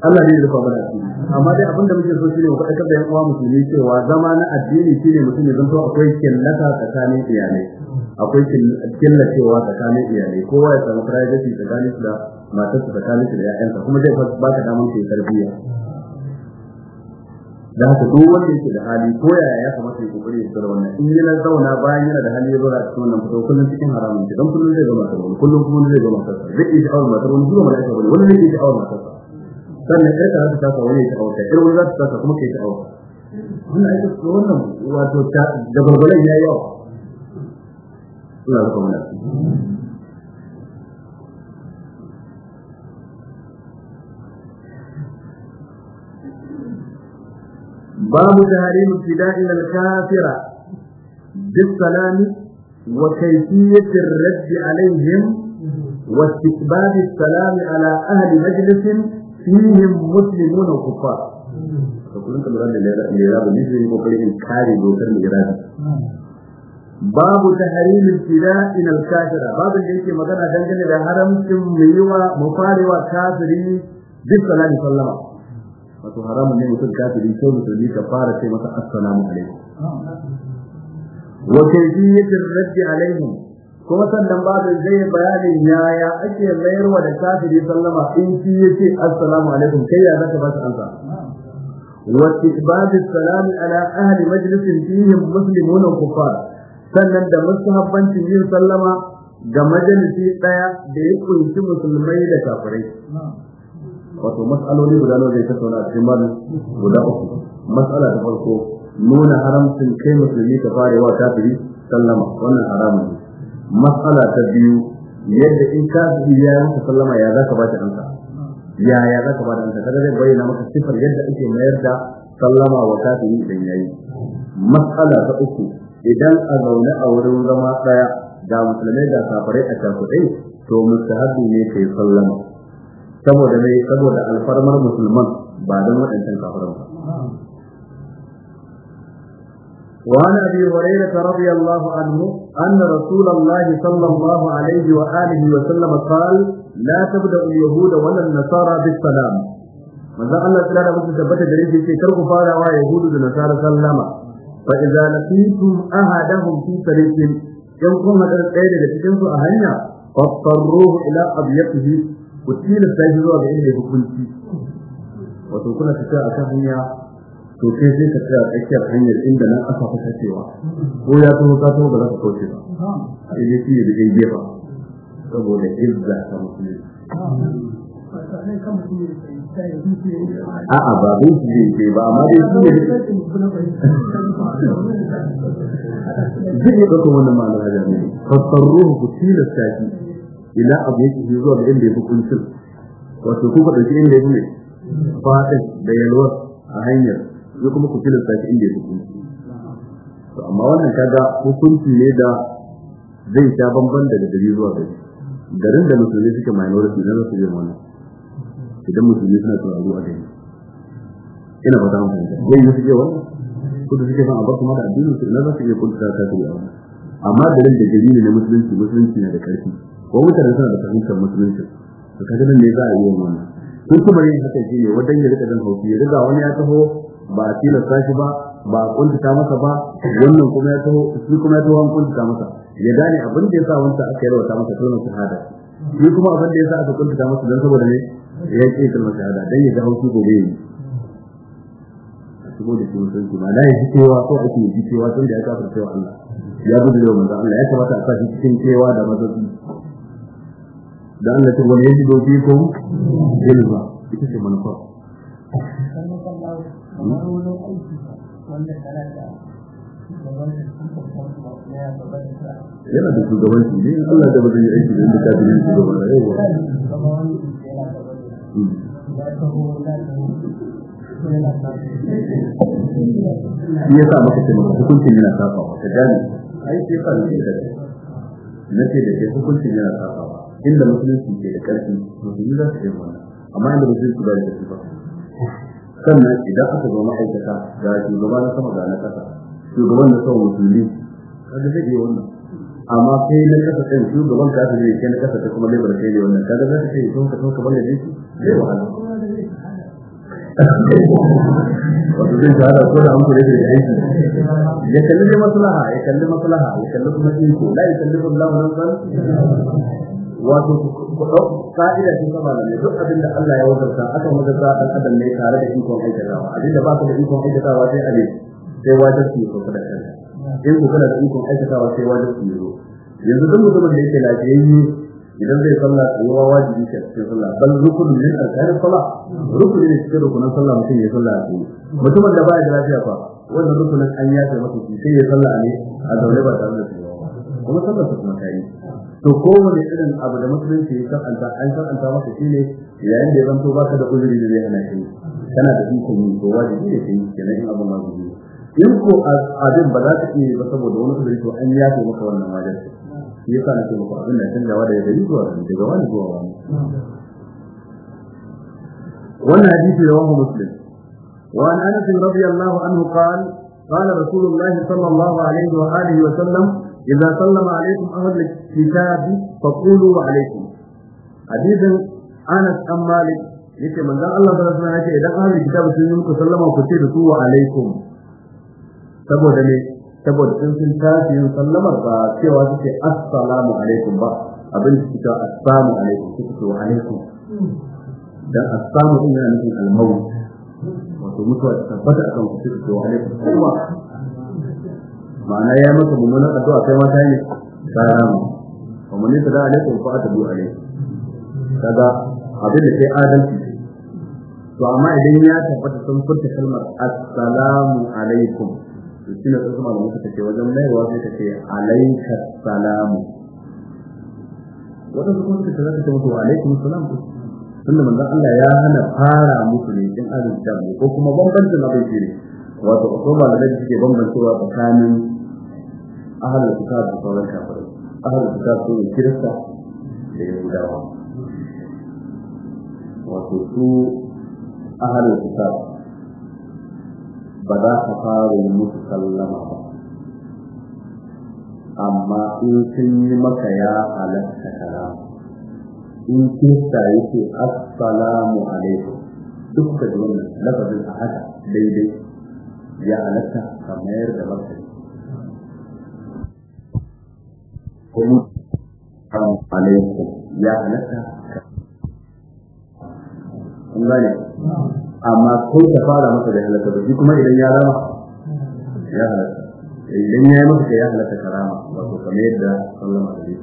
Allah ne ya rufa mana cikin amma dai abinda muke so shine mu faɗakar da yan uwa musulmi cewa zama na addini shine mutum ya zanto akwai killata tsakanin iyalai akwai killacewa tsakanin iyalai kowa ya samu privacy tsakanin da matarsa tsakanin da ƴaƴansa kuma zai ba ka damar kai tarbiyya da haka duk wanda yake da hali ko yaya ya kamata ya kokari ya tsara wannan in yana zauna bayan yana da hali ya zo da cikin wannan fito kullum cikin haramun ce dan kullum zai zama matar wani kullum kuma zai zama matar zai iya sha'awar matar wani zuwa mala'ika wani wani zai iya sha'awar matar sannan kai ka ta ka wani ta auta irin wani za ta ka kuma kai ta auta wannan ai ko wannan wato ta da gurgurai yayi yawa Allah ya kuma باب تهريم ابتداء الكافرة بالسلام وكيفية الرد عليهم واستقبال السلام على أهل مجلس fihim muslimuna kuffar kare babu tahrim al-fida'in kafira babu da yake magana dangane da haramcin muyiwa mufarewa kafiri duk haramun ne mutum kafiri sai musulmi ka fara sai masa assalamu alaikum wa kayfiyatir radd kuma sannan babin zai bayanin yaya ake mayarwa da kafiri sallama in shi yace assalamu alaikum kai ya zaka ba shi ansa واستحباب السلام على أهل مجلس فيهم مسلمون كفار sannan da musahabbancin yin sallama ga majalisi ɗaya da ya kunshi musulmai da kafirai wato mas'aloli guda nawa zai tattauna a cikin babin guda uku mas'ala ta farko nuna haramcin kai musulmi ka farewa kafiri sallama wannan haramun matsala ta biyu yadda in ka ya maka sallama ya za ka ba ta amsa ya ya za ka ba ta amsa kada zai bayyana maka sifar yadda ake mayar da sallama wa kafiri idan yayi matsala ta uku idan a zaune a wurin zama ɗaya, da musulmai da safarai a cakuɗai to mustahabi ne kai sallama saboda ne saboda alfarmar musulman ba don waɗancan kafiran ba وعن ابي هريره رضي الله عنه ان رسول الله صلى الله عليه واله وسلم قال لا تبدا اليهود ولا النصارى بالسلام من الله تعالى مكن ثبت دريج يكي كركو فاراوا يهود ونصارى سلما فاذا لقيتم احدهم في طريق yan kun hadar ɗaya daga cikin su a hanya fastarruhu ila abiyatihi ku tilasta shi zuwa ga inda ya hukunci wato kuna fita a kan hanya to kai sai ka tsaya tsakiyar hanyar inda nan aka fata cewa ko ya taho ka taho ba za ka kauce ba a yi shi da ɗin gefa saboda izza ta musulmi a'a ba bai shi ne ba amma dai shi ne zai yi ɗaukar wannan ma'anar hajjar ne fassaruhu ku tilasta shi ila abu yake zuwa ga inda ya fi kuncin wato kuka ɗauki inda ya fi ne fadin da yalwar a hanyar ya kuma ku filin shi inda ya kuma. to amma wannan kaga hukunci ne da zai sha bamban daga gari zuwa gari garin da musulmi suke minority na su yin wannan idan musulmi suna tsaro a gari ina ba ta hankali zai yi suke wannan kudu suke son a bar kuma da addinin su na za su iya kunta ta kafiri a amma garin da gari ne na musulunci musulunci na da karfi ko mutane suna da fahimtar musulunci to kaga nan ne za a yi wannan ko kuma yin haka shi ne wadanda ya rika zan hauki ya riga wani ya taho ba a tilasta shi ba ba a kuntata masa ba wannan kuma ya taho shi kuma ya taho an kuntata masa ya gane abin da ya sa wanda aka yi rawata masa kalmar shahada shi kuma abin da ya sa aka kuntata masa don saboda ne ya yi kai kalmar shahada don ya ga haushi gobe ne shigo da shi musulunci ba da ya ji cewa ko ake yi cewa tun da ya kafa cewa Allah ya gudu da manzo Allah ya kamata a sa cikin cewa da mazabi da Allah ta wani yadda dobi ko ilma ita ce manufa kamar wani aiki wanda kana da yana da shugabanci ne in Allah da ba yi aiki da inda kafin yin shugaba na yau ya sa maka ce maka hukuncin yana safawa ka gane ai sai fa ne da na ce da ke hukuncin yana safawa inda musulunci ke da ƙarfi musulmi za su yi wannan amma inda musulunci ba da ƙarfi ba sannan idan aka zo ma'aikata ga shugaba na sama ga na kasa shugaban da sama musulmi kaga zai yi wannan amma kai na kasa kan shugaban ka zai kai na kasa ta kuma lebar kai ne wannan kaga zai ce sun ka sun ka balle shi zai wahala wato zai shahara ko da an kula da aiki ya kalli maslaha ya kalli maslaha ya kalli kuma iko la ya kalli Allah nan san wato ku dau ka'ida ce ta malamai duk abin da Allah ya wazarta akan wazarta dan adam ne tare da ikon aikatawa abin da ba ka da ikon aikatawa sai a ne sai wajen su ko da kanka in ku kana da ikon aikatawa sai wajen su zo yanzu duk mutumin da yake lafiyayye idan zai salla ruwa wajibi ce cikin sallah bal rukun min arkanin sallah rukun ne cikin rukunan sallah mutum ya salla a cikin mutumin da baya da lafiya fa wannan rukunin an yafe masa sai ya salla ne a daure ba tare da su kuma sallar su kuma ta yi to kowane irin abu da musulunci ya shar'anta an shar'anta maka shi ne yayin da ya zanto baka da uzuri da zai hana shi kana da ikon yin to wajibi ne kai kenan in abin ma gudu in ko abin ba za ka iya ba saboda wani uzuri to an yafe maka wannan wajen shi yasa nake maka abin da canjawa da yadda zuwa daga wani zuwa wani wannan hadisi rawahu muslim وعن انس رضي الله عنه قال قال رسول الله صلى الله عليه واله وسلم idza sallama alaikum ahlul kitabi faqulu wa alaikum hadisin Anas an Malik yace manzon Allah sallallahu alaihi wasallam idan ahlul kitabi sun yi muku sallama ku ce da wa alaikum saboda ne saboda sun sun tafi yin sallamar ba cewa suke assalamu ba dan assalamu din nufin almaut wato mutuwa tabbata akan ku wa alaikum ma'ana ya maka mummunan addu'a kai mata ne ta rama amma ne ta da alaikum fa atadu alaikum kaga abin da sai adalci to amma idan ya tabbata sun furta kalmar assalamu alaikum to shi ne kuma da muka ce wajen mai wa sai ce alaika salamu wannan kuma ta zaka ce mutu alaikum salam tunda manzo Allah ya hana fara musu ne din azumta ko kuma bambancin abin shi ne wato ko ba da suke bambancewa tsakanin Ahal ahalin kitab da sauran kafirai ahalin kitab su ne kirista da yahudawa wato su ahalin kitab ba za ka fara yi musu sallama ba amma in sun yi maka ya halatta kara in kirista yake assalamu alaikum duk da wannan lafazin a haka daidai ya halatta ka mayar da martani kuma haram alaikum ya halatta an gane amma ko ta fara masa da halatta ba shi kuma idan ya rama ya halatta idan ya yi masa ya halatta karama wato kamar yadda sallama alaihi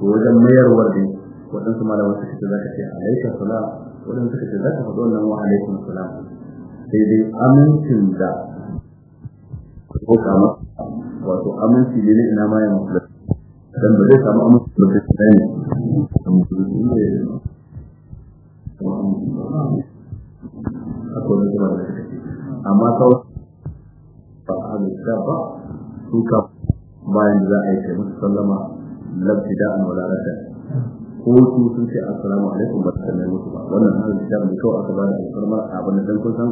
ko wajen mayarwar dai waɗansu malaman suka ce za ka ce alaika salam waɗansu suka ce za ka faɗi wannan wa alaikum salam sai dai amincin da ko kama wato aminci ne na ina ma ya mutu dan ba zai samu amince da kai tsaye amma kawai ba a halitta ba su ka bayan da za a yi kai musu sallama lafi da an wala rasa ko su sun ce assalamu alaikum ba ta sanar musu ba wannan da mai kawai aka ba da alfarma a abin da dan kun san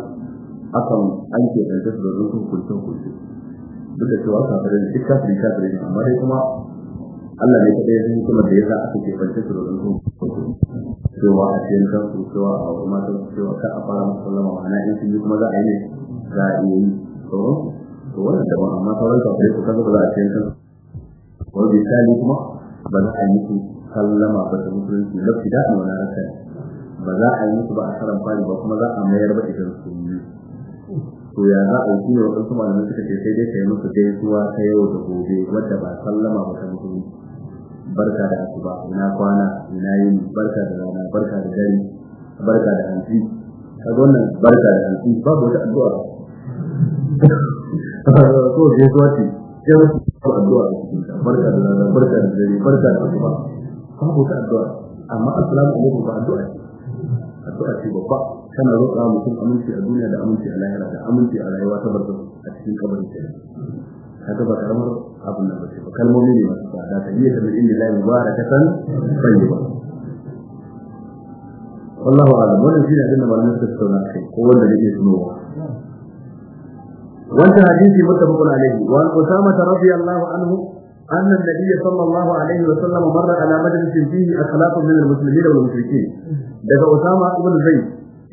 akan an ke ɗanta su da zuwa kulce duk da cewa kafirai duk kafirai kafirai amma dai kuma Allah ne kadai ya san hikimar da yasa aka ke fanta su da wannan cewa a cikin kan su cewa a wani matan su cewa kar a fara musu sallama ma'ana in yi kuma za a yi ne za a iya yi sauran to wannan da amma sauran kafirai su kasa ba za a cikin kan wani misali kuma ba za a yi musu sallama ba da musulunci na fida a wani harkar ba za a yi musu ba a karan fari ba kuma za a mayar ba idan sun yi to ya za a yi ne waɗansu malamai suka ce sai dai ka yi musu suwa ta yau da gobe wadda ba sallama ba ta musulunci barka da asuba ina kwana ina yin barka da rana barka da dare barka da hanci kaga wannan barka da hanci babu wata addu'a (laughs) ko je ko ce sai wata addu'a barka da rana barka da dare barka da asuba babu wata addu'a amma assalamu alaikum ba addu'a addu'a ce babba kana roƙa mutum aminci a duniya da aminci a lahira da aminci a rayuwa ta barka a cikin kabarin kenan kaga ba karamar abin nan ba ce ba kalmomi ne ba da ta yi ta mutum da zai ba da ta san ba. Allahu Akbar wannan shi ne abin da ba na sassa na kai ko wanda ne ke suno ba. Wannan hadisi mutabakun alaihi wa Usama ta rabi Allahu anhu أن النبي صلى الله عليه وسلم مر على مجلس فيه الصلاة من المسلمين والمشركين. دفع أسامة بن زيد.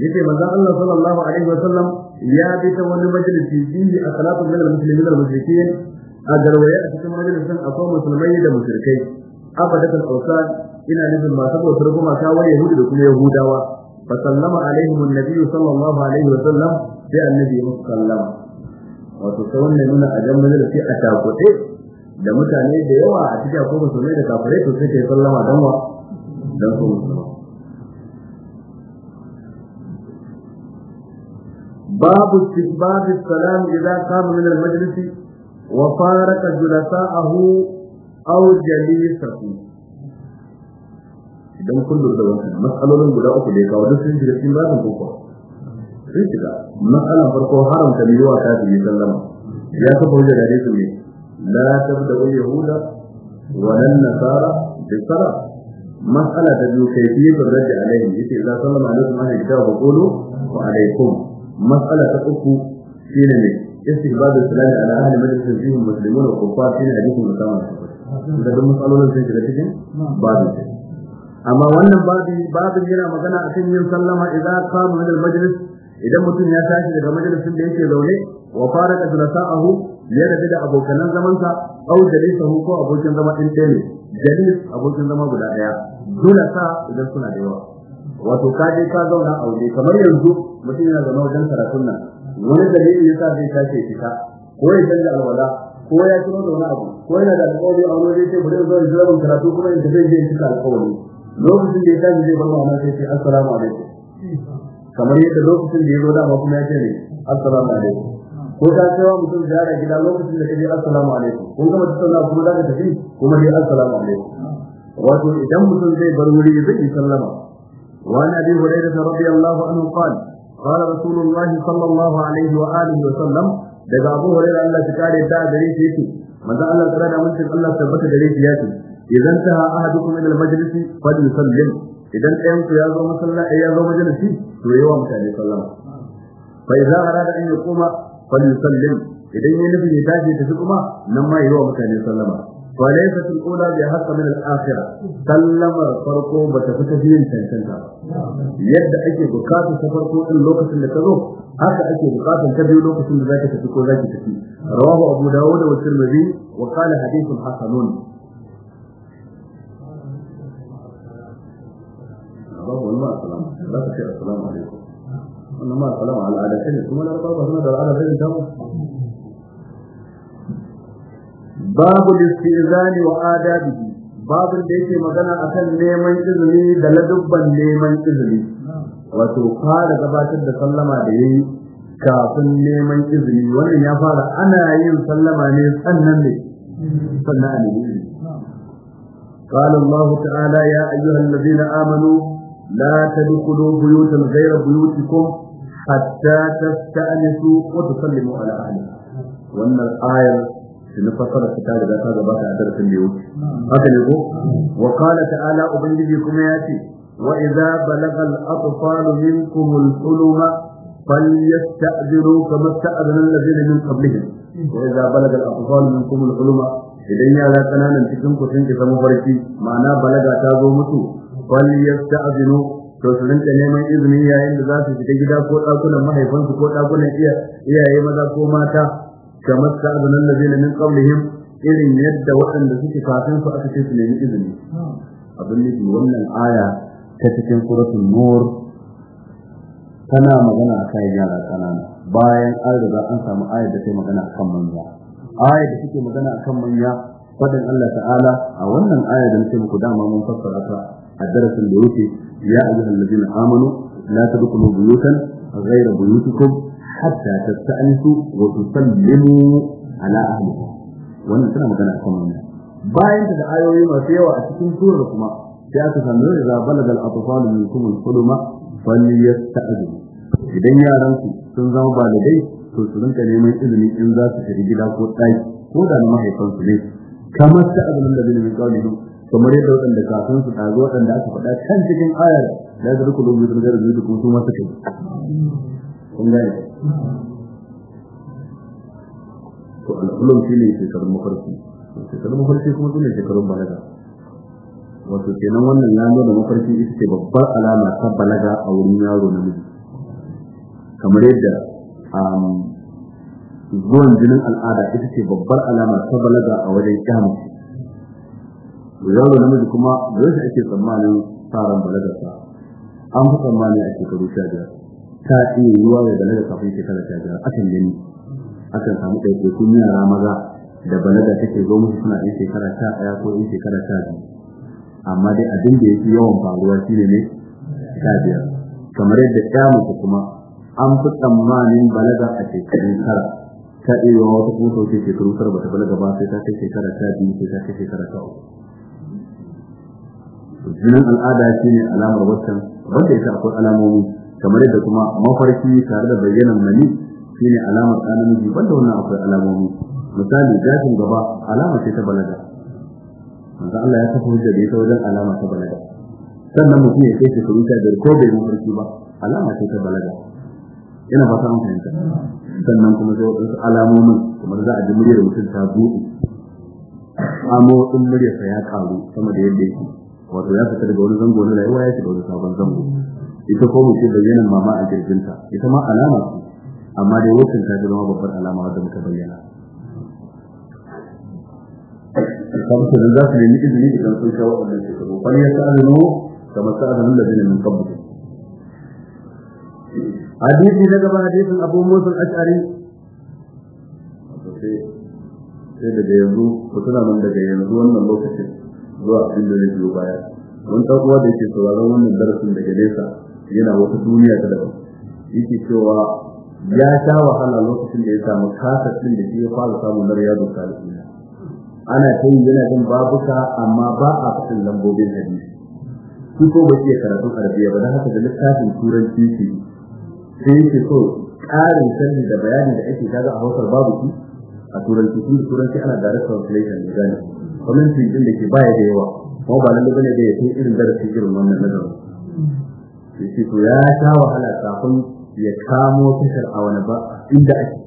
يتي الله صلى الله عليه وسلم يا بيت ولي مجلس فيه الصلاة من المسلمين والمشركين a garwaye a cikin majalisin akwai musulmai da musulkai abadatul awsan ina nufin masu bautar gumaka wa yahudu da kuma yahudawa fa sallama alaihim annabi sallallahu alaihi wa sallam sai annabi ya musu sallama wato ta wannan nuna a jan majalisi a takuɗe da mutane da yawa a cikin akwai musulmai da kafirai to sai kai sallama dan wa dan su musulmai باب استحباب السلام إذا قام من المجلس وفارق جلساءه أو جليسه idan kun lura da wannan matsalolin guda uku da ya kawo duk sun shiga cikin babin koko sun shiga matsalan farko haramta ne yawa ta yi sallama ya kafa wajen da su ne la da wal yahuda wa lan nasara bi sala mas'ala ta biyu kai fi barraji alaihim yace la sallama alaikum ahli kitabu qulu wa alaikum Matsala ta uku shine ne استحباب الصلاة على أهل مجلس فيهم مسلمون وكفار في حديث مسامة da duk matsalolin sun shiga cikin babu amma wannan babin yana magana a kan yin sallama idan kamu min al-majlis idan mutum ya tashi daga majalisin da yake zaune wa fara da sa'ahu, ya rabu da abokanan zamansa au jalisahu ko abokin zama din ɗaya ne jalis abokin zama guda ɗaya sa idan suna da yawa wato ka je ka zauna aure kamar yanzu mutum yana zama wajen karatun nan wani dalili ya sa zai tashi fita ko ya canza alwala ko ya ci da wani abu ko yana da alƙawari a wani zai ce bari zuwa da zaman karatu kuma in tafi zai cika alƙawari lokacin da ya tashi zai bar ma'ana sai ce assalamu alaikum kamar yadda lokacin da ya zo dama kuma ya ce ne assalamu alaikum ko ta cewa mutum ziyara gida lokacin da ka je assalamu alaikum kun gama tattauna kuma za ka tafi kuma dai assalamu alaikum wato idan mutum zai bar wuri zai yi sallama وعن ابي هريره رضي الله عنه قال قال رسول الله صلى الله عليه وآله وسلم daga Abu Hurairah Allah ya kare ta gare shi yake manzo Allah tsara da mutum Allah tabbata gare shi yake idan ta ahadukum ila al-majlis fa yusallim idan ɗayan ku ya zo masallaci ya zo majalisi to yawa mutane sallama fa idza arada an yakuma fa yusallim idan ya nufi ya tashi ta kuma nan ma yawa mutane sallama وليست الأولى بأحق من الآخرة سلم فرقه بتفتزين تنتنتا يد أكي بكات سفرقه إن لوكس اللي تلو هكا أكي بكات تبيو لوكس اللي ذاك تفكو ذاك تفكي رواه أبو داود والترمذي وقال حديث حسن الله السلام لا تشير السلام عليكم أنا ما السلام على العادة كما لا ربما هنا العادة غير تمام babu istizani wa adabihi babu da yake magana akan neman izini da ladubban neman izini wato fara gabatar da sallama da yayi kafin neman izini wannan ya fara ana yin sallama ne sannan ne sannan ne قال الله تعالى يا أيها الذين آمنوا لا تدخلوا بيوتا غير بيوتكم حتى تستأنسوا وتسلموا على أهلها وأن الآية tun fasara ta riga ta gabata a darasin da yau haka ne ko wa qala ta'ala ubangiji kuma ya ce wa idza balagha al-atfalu minkum al-huluma falyasta'dhiru kama sta'adhana alladhina min qablihim wa idza balagha al-atfalu minkum al-huluma idan yara kananan cikin ku sun kisa mafarki ma'ana balaga ta zo musu falyasta'dhinu to su rinka neman izini yayin da za su fita gida ko ɗakunan mahaifansu ko ɗakunan iyaye maza ko mata kamar sa'adun allazina min qablihim irin yadda waɗanda suke kafin su aka ce su nemi izini abin nufi wannan aya ta cikin suratul nur tana magana akan yara ƙanana bayan an riga an samu ayar da ta magana kan manya ayar da suke magana akan manya faɗin Allah ta'ala a wannan ayar da nake muku dama mun fassara ta a darasin da wuce, ya ayyuhal ladina amanu la tadkhulu buyutan ghayra buyutikum hatta tasta'nisu wa tusallimu ala ahliha wannan tana magana akan wannan bayan da ayoyi masu yawa a cikin surar kuma sai aka samu da zabala dal atfal minkum al quluma falyasta'du idan yaran sun zama balidai to su rinka neman izini in za su gida ko ko da na mahaifansu ne kamar ta'adun da bin min qawlihim kamar yadda waɗanda kafin su tazo waɗanda aka faɗa kan cikin ayar da zai rukulu bi zurgar zuwa kuma su masu kai kun gane to al'ulum shi ne shekarun mafarki shekarun mafarki kuma su ne shekarun balaga wato kenan wannan ya nuna mafarki ita ce babbar alama ta balaga a wurin yaro namiji kamar yadda um, zuwan jinin al'ada ita ce babbar alama ta balaga a wajen kyamu yaro namiji kuma da yadda ake tsammanin tsarin balagarsa an fi tsammanin a shekaru sha biyar ta iya ruwa ya balaga kafin shekara ta jira akan gani akan samu ɗaya. ɗaiɗaikun yara maza da balaga take zo musu suna ɗan shekara ta ɗaya ko ɗan shekara ta biyu amma dai abin da yake yawan faruwa shi ne ne ta biyar kamar yadda ɗaya mutu kuma an fi tsammanin balaga a shekarun tara ta iya yiwa wata kuma sau ce shekaru tara bata balaga ba sai ta kai shekara ta biyu sai ta kai shekara ta uku jinin al'ada shi ne alamar waccan wanda ita akwai alamomi kamar yadda kuma mafarki tare da bayyanan mani shine alamar ɗan namiji banda wannan akwai alamomi misali gashin gaba alama ce ta balaga manzo Allah ya tafi da ita wajen alama ta balaga sannan mutum ya kai shekaru ta da ko bai mafarki ba alama ce ta balaga ina fata an fahimta sannan kuma zo alamomi kuma kamar za a ji muryar mutum ta buɗe amo din muryarsa ya karu sama da yadda yake wato ya fita daga wani zango na rayuwa ya shiga wani sabon zango ita ko mu ce mama a girginta ita ma alama ce amma dai wucin ta zama babbar alama wadda muka bayyana kamar da za su nemi izini idan sun sha waɗannan shekaru fal ya Kamar sa'alinu kama sa'alinu ladina mun qabl hadisi na gaba hadisin Abu Musa al-Ash'ari sai daga yanzu ko tuna mun daga yanzu wannan lokacin zuwa abin da zai biyo baya mun ɗan da yake sauraron wannan darasin daga nesa yana wata duniya ta daban yake cewa ya sha wahala lokacin da ya samu kasatin da shi ya fara samun na riyadu salihin ana ta yi yana jin babuka amma ba a fitin lambobin hadisi shi ko ba shi karatun arabiya ba don haka da littafin turanci shi sai yake so ƙarin sani da bayani da ake kaga a hausar babu shi a turanci tun turanci ana direct translation ne gane commenting din da ke baya da yawa kuma ba lalle bane da ya kai irin darasi irin wannan nazarin yake to ya sha wahala kafin ya kamo tashar a wani ba inda ake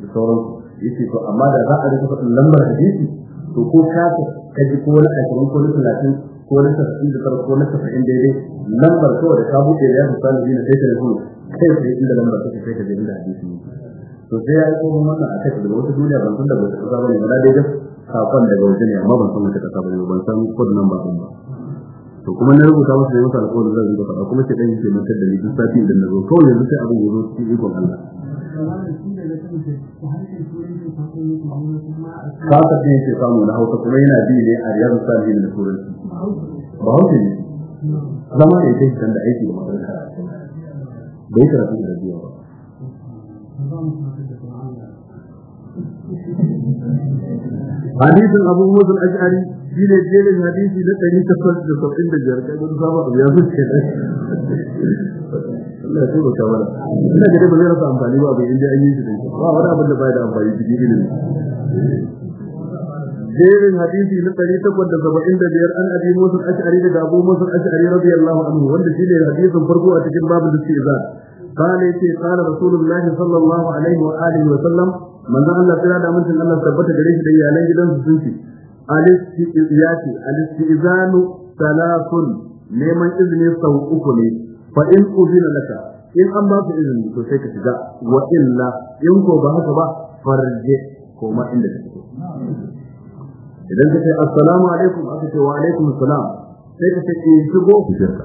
da sauran yake to amma da za a rika faɗin lambar hadisi to ko ka ka ji ko na ashirin ko na talatin ko na tasirin da tara ko na tasa'in daidai lambar kawai da ka buɗe da ya fi sami zina sai ta rufu kai sai inda lambar ta sai ka je inda hadisi ne to sai ya yi ko wannan a kai daga wata duniya ban san daga wata ƙasa ba ne ba na daidai sakon daga wajen ne amma ban san wata ƙasa ba ne ban san kod nan ba ɗin ba to kuma na rubuta masa da masa alƙawarin zan rubuta faɗa kuma sai dan yake mantar da ni duk sati idan na zo kawai yanzu sai abin gozo cikin ikon Allah Kasa ɗin yake samu na hausa kuma yana bi ne a riyadu salihin da turanci. Ba hausa ne. Zama da ita shi da aiki da makaranta. Da ya karatu da rabiya ba. Hadisin Abu Musul Ash'ari shi ne jerin hadisi na ɗari takwas da saba'in da biyar ne Allah ya ina ba zai rasa amfani ba bai inda an yi shi ba wani abin bai da amfani jerin hadisi na ɗari takwas da saba'in da biyar an abi musul ash'ari da abu musul ash'ari radiyallahu anhu wanda shi ne hadisin farko a cikin babu da suke za قال يتي قال رسول الله صلى الله عليه وآله وسلم من الله تعالى من الله ثبت جريش ديالين جدا سنتي al-isti'zati al-istizanu salatun neman izini sau uku ne fa in uzina laka in an ba ka izini to sai ka shiga wa illa in ko ba haka ba farje ko ma inda kake idan ka ce assalamu alaikum aka ce wa alaikum assalam sai ka ce eh, in shigo fitarka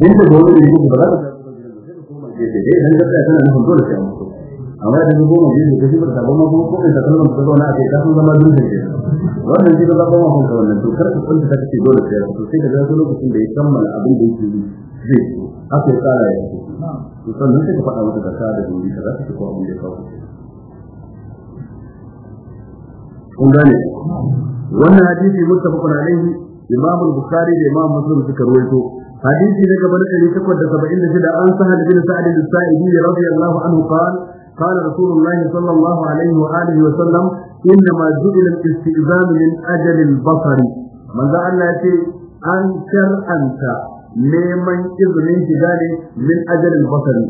yadda da wani ne ba za ka ce idan ka tsaya tana nufin dole sai a mutu amma da duk goma biyu da shi ba ta goma kuma kuma ta kalmar ta zauna a kai kafin zama dutse ke wannan shi ka zaba ma kanka wannan to kar ka kunta ta ce dole sai to sai ka ga ko lokacin da ya kammala abin da yake yi zai so haka ya tsara ya so to sannan sai ka faɗa mata da ka da dole ka za ka ci ko abin da ya kawo kun gane wannan hadisi muttafaqun alaihi imam al-bukhari da imam muslim suka rawaito hadisi daga bani 876 an sahal bin sa'id al-sa'idi radiyallahu anhu qala قال رسول الله صلى الله عليه وآله وسلم إنما جعل الاستئذان من أجل البصر من ذا أنكر أنت neman izinin shiga ne min ajalin basari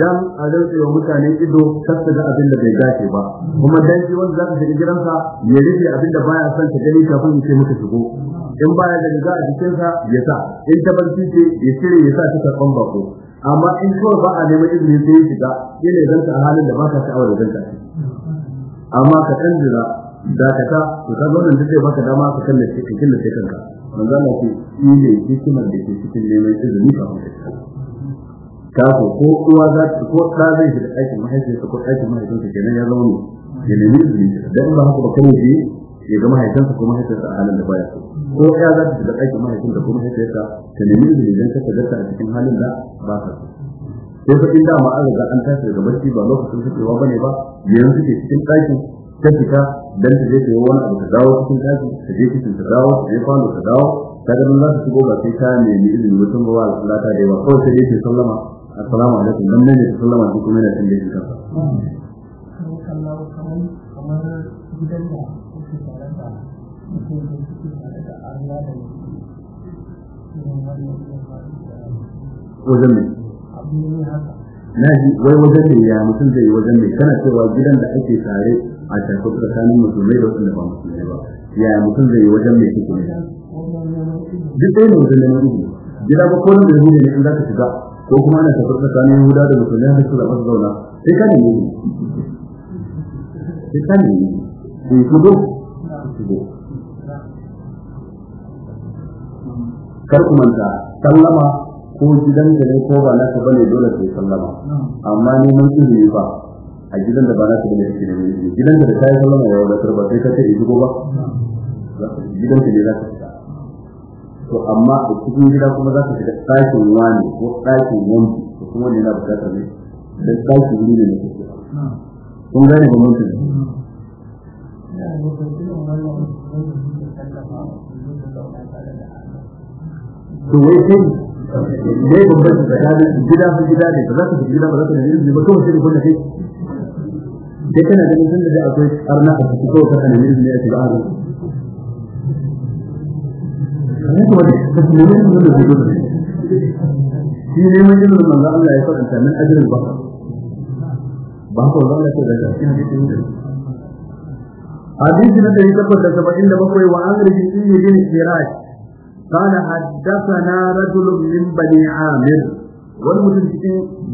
dan a rantsa wa mutane ido kasta da abin da bai dace ba kuma dan shi wanda zaka shiga gidansa ya rufe abin da baya son ka gani kafin ya ce maka shigo in baya da riga a jikinsa ya sa in ta barci ce ya cire ya sa ta karban bako amma in kawai ba a neman izini sai shiga yana zan ta halin da ba ka sha'awar da zanta amma ka kan jira da dakata to ka zo da zai baka dama ka shi kallace ka kallace kanka manzo Allah ce shi ne hikimar da ke cikin neman izini ka ka ko ko uwa za ta ko ka zai shiga aikin mahaifiyarsa ko aikin mahaifiyarsa kenan ya zauna ya nemi izini dan ba haka ba kai ya ga mahaifinsa ko mahaifinsa a halin da baya so ko ya za ta shiga ɗakin mahaifin da kuma mahaifinsa ta nemi izini don ta tagarta a cikin halin da ba sa so sai fa in dama an riga an tashi daga barci ba lokacin fitowa ba ne ba yanzu ke cikin ɗakin ta fita don ta je ta yi wani abu ta dawo cikin ɗakin ta je cikin ta dawo ta je kwano ta dawo ta ga za su shigo ba sai ta nemi izini mutum ba wa al'ada da yawa kawai ta je ta sallama assalamu alaikum dan nan ne ta sallama duk kuma yana cin da shi kansa. wajen ne? na ji wai wajen ne? ya mutum zai yi wajen ne? kana cewa gidan da ake tare a tafi tsakanin musulmai da wasu da ba musulmai ba ya mutum zai yi wajen ne kuke ne duk ɗaya ne wajen neman izini gida ba kowane da ne in za ka shiga ko kuma ana tafi tsakanin yahuda da musulmai har su zaɓa su zauna sai ka nemi sai ka ne? sai eh, ku ne? kar ku manta sallama ko gidan da ne ko ba na ka bane dole sai sallama amma ni mun ne ba a gidan da ba na ka bane kake ne gidan da sai sallama ya wada ba sai ka ce izini ko ba gidan da ne za ka fita to amma a cikin gida kuma za ka shiga ɗakin wani ko ɗakin wani ko kuma ne na bukatar ne dan ɗakin wani ne kake kun gane ba ne to wai sai ne bambanci tsakanin gida fa gida ne ba za ka gida ba za ka nemi ba kawai sai kun kai sai kana ganin sun da akwai arna a cikin ko ka nemi ne a cikin arna ne kuma da musulmi ne da zuwa ne shi ne mun yi manzo Allah ya faɗa min ajrin ba ba ko Allah ya da shi ne cikin حديث الذي ثبت سبعين بقوي وعامر بن سيد بن سراج قال حدثنا رجل من بني عامر والمسلم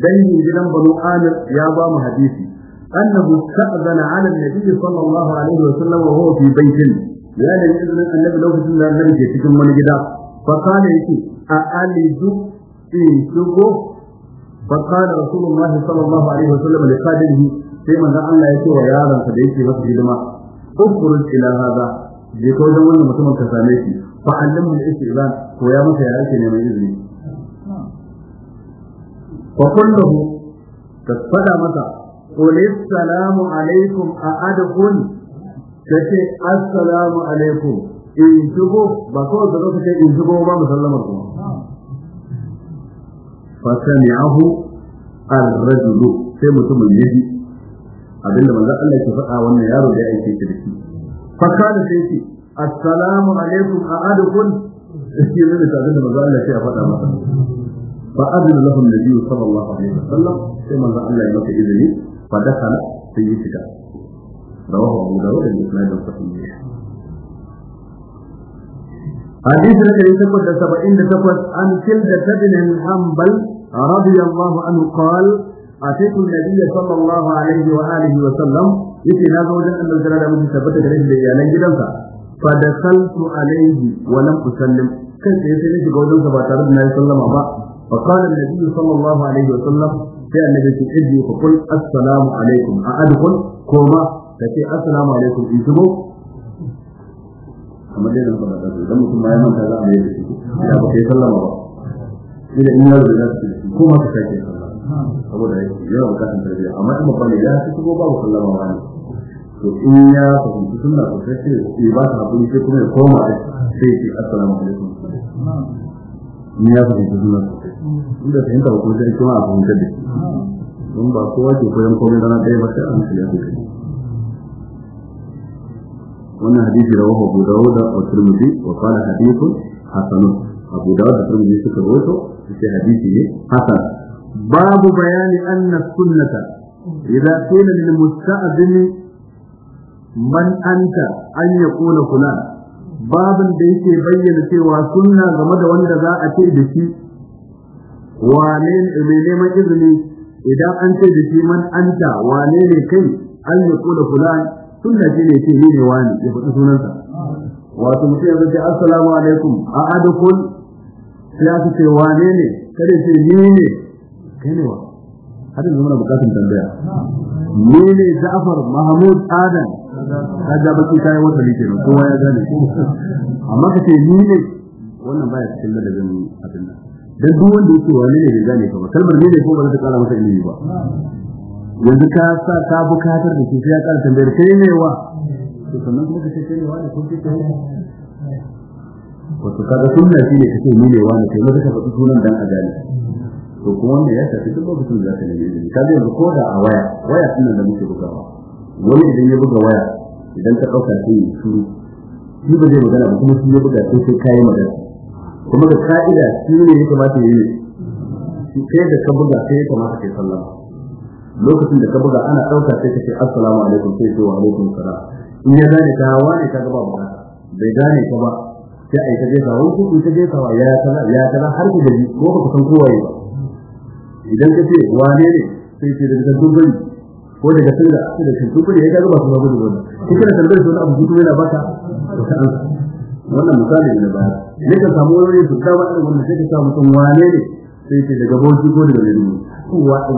دين جنان بنو عامر يا بام حديثي أنه استأذن على النبي صلى الله عليه وسلم وهو في بيت يا لإذن النبي لو في سنة النبي جيتكم من جدا فقال يتي أألد إن شبه فقال رسول الله صلى الله عليه وسلم لقادره فيما دعا الله يتي ويرارا فديتي مسجد ما أخرج إلى هذا جيكو جمال متمن كساميتي fa mu al-istizan to ya masa ya ake neman izini wa kulluhu ka fada masa qul assalamu alaikum a adkhul kace assalamu alaikum in shigo ba ko da kace in shigo ba musallamar ku fa sami'ahu ar-rajulu sai mutumin yaji abinda manzon Allah ya faɗa wannan yaro da yake ciki fa kana sai assalamu alaikum a adukun shi ne da abin da manzo Allah ya faɗa masa fa adin lahum nabi sallallahu alaihi wasallam sai manzo Allah ya maka izini fa dakala sai ya shiga rawahu Abu Dawud da Ibn Majah sahih حديث لك يثبت سبعين تثبت عن كلدة بن حنبل رضي الله عنه قال أتيت النبي صلى الله عليه وآله وسلم يتي نازوجا أن الجلال من ثبت عليه بيانا جدا fa alayhi wa lam usallim kan sai sai nake ga wajen ba tare da nayi sallama ba fa qala annabi sallallahu alaihi wa sallam sai annabi ce idi fa qul assalamu alaikum a adkhul koma kace assalamu alaikum in shigo kamar dai da da dan mutum ma ya manta za a da shi da ba kai sallama ba ila in yau da sallama amma ya sallama ba ne to in ya fahimci suna ko sai ya ba ta hakuri sai kuma ya koma sai ce assalamu alaikum in ya fahimci sunna ko sai inda fahimta ko sai kuma a fahimta da don ba kowa ke koyan komai rana ɗaya ba sai an shirya su kai wannan hadisi da wahu Abu Dawud wa Tirmidhi wa qala hadithun hasan Abu Dawud da turmuti suka rawaito sai hadisi ne hasan babu bayani an anna sunnata idza qila lil musta'dhin man anta an ya kula fulan babin da yake bayyana cewa sunna game da wanda za a ce da shi wane ne mai neman izini idan an ce da shi man anta wane ne kai an ya kula fulan sunna shi ne ce ne wani ya faɗi sunansa wato mutum ya zace assalamu alaikum a adukun ya su ce wane ne kada ce ni ne kai ne wa hadin zama na bukatun tambaya ni ne Ja'far Mahmud Adam ka ja baki ka yi wata lake kowa ya gane amma ka ce ni ne wannan baya cikin ladabin abin nan dan duk wanda yake wani ne bai gane ka ba kalmar ne ne ko ba za ta kara masa ilimi ba yanzu ka sa ka bukatar da shi sai ya kara tambayar kai ne wa to sannan kuma ka ce kai ne wa ne ko kai ne wato kaga sunna shi ne kace ni ne ne kai maka faɗi sunan dan gane. to kuma wanda ya tafi duk lokacin da zaka ne ka ga yanzu ko da a waya waya sunan da muke bukawa wani idan ya buga waya idan ta ɗauka sai ya shuru shi ba zai magana ba kuma shi ya buga sai sai kayi magana kuma da ka'ida shi ne ya kamata ya yi shi kai da ka buga sai ya kamata ka sallama lokacin da ka buga ana ɗauka sai ka ce assalamu alaikum sai ce wa alaikum salam in ya gane ka ne ka gaba ba bai gane ka ba sai a yi ta jefa wani kuku ta jefa wa ya kaza ya kaza har ku da ko ba ku san kowaye ba idan ka ce wane ne sai ce da ka gudu ko daga tunda su da cikin kudi ya ga ba su ma gudu wannan kike da tambayar su na abu gudu yana baka wata wannan misali ne ba ne ka samu wani su da wani wannan sai ka samu mutum wane ne sai ce daga bauchi ko daga lemu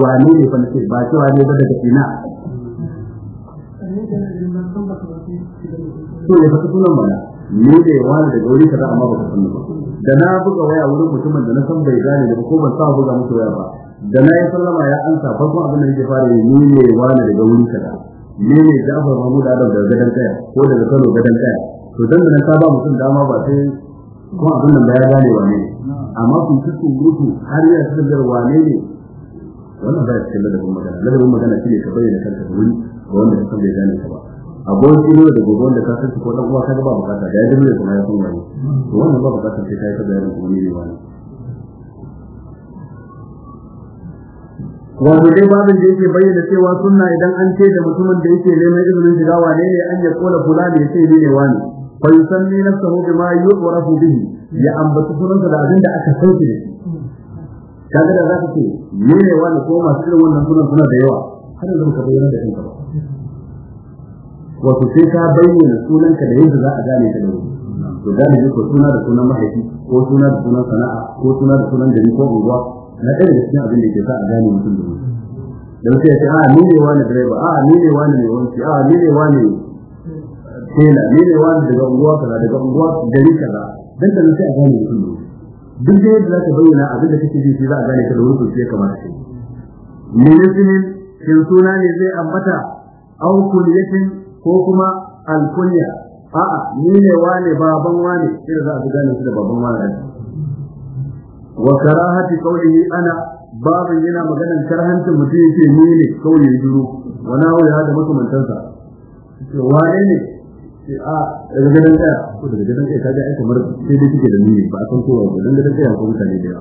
wane ne fa nace ba cewa ne ba daga ina to ya fata sunan mana ne da wani daga gauri kaza amma ba ka sani ba da na buga waya wurin mutumin da na san bai gane da ko ban sa buga musu waya ba da na yi sallama ya ansa farkon abin da yake fara yi ni ne wani daga wurin kada ni ne Ja'far da Adam daga gadan kaya ko daga Kano gadan kaya to dan da ta ba mutum dama ba sai kuma abin nan ba ya gane wane ne amma kun ci surutu har ya san da wane ne wannan ba ya cikin ladabin magana ladabin magana shine ka bayyana kanka da wuri ga wanda ka san bai gane ka ba abokin ilo da gobe wanda ka san ko dan uwa ka ba bukata da ya dinga kuma ya san wani to wannan ba bukata sai yi ka bayani kuma ne wani wanda dai babin da yake bayyana cewa sunna idan an ce da mutumin da yake neman izinin shiga wane ne an ya kola kula ya ce ne ne wani fa yusanni nafsahu bima yu'rafu bihi ya ambaci sunansa da abin da aka sauke da kaga da zaka ce ne ne wani ko masu irin wannan sunan suna da yawa har yanzu ka bayyana da kanka ba wato sai ka bayyana sunanka da yadda za a gane ka da to gane ko suna da sunan mahaifi ko suna da sunan sana'a ko suna da sunan gari ko unguwa na ɗaya da cikin abin da ke sa a gane mutum da mutum don sai ce a ni ne wani direba a ni ne wani mai wanki a ni ne wani tela ni ne wani daga unguwa kaza daga unguwa gari kaza dan da sai a gane mutum duk da yadda zaka bayyana abin da kake ji shi za a gane ka da wurin sai kamar shi ne mutumin kin suna ne zai ambata au kulliyatin ko kuma alkunya a'a ni ne wani baban wani sai za a gane su da baban wani wa karahati qawlihi ana babin yana maganan karhancin mutum yake ni ne kawai ya duro wa nawo ya da makamantansa wane ne sai a daga gidan tsaya ko daga gidan tsaya kaga ai kamar sai dai da ni ba a san kowa ba dan gidan ko mutane da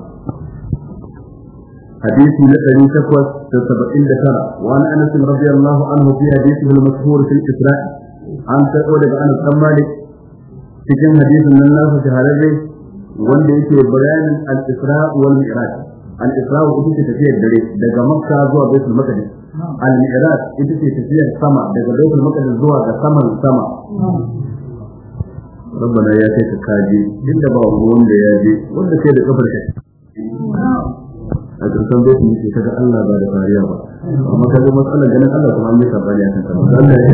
رضي الله عنه في حديثه المشهور في الاسراء عن سعود بن انس مالك في حديث من الناس شهادته wanda yake bayanin al-isra wal mi'raj al-isra ita ce tafiyar dare daga makka zuwa baitul maqdis al-mi'raj ita ce tafiyar sama daga baitul maqdis zuwa ga saman sama rabbana ya kai ka kaje inda ba wanda ya je wanda kai da kafar kai a ƙarshen baitul ne kaga Allah ba da kariya ba amma kaga matsalar ganin Allah kuma an yi sabani a kan sama Allah ya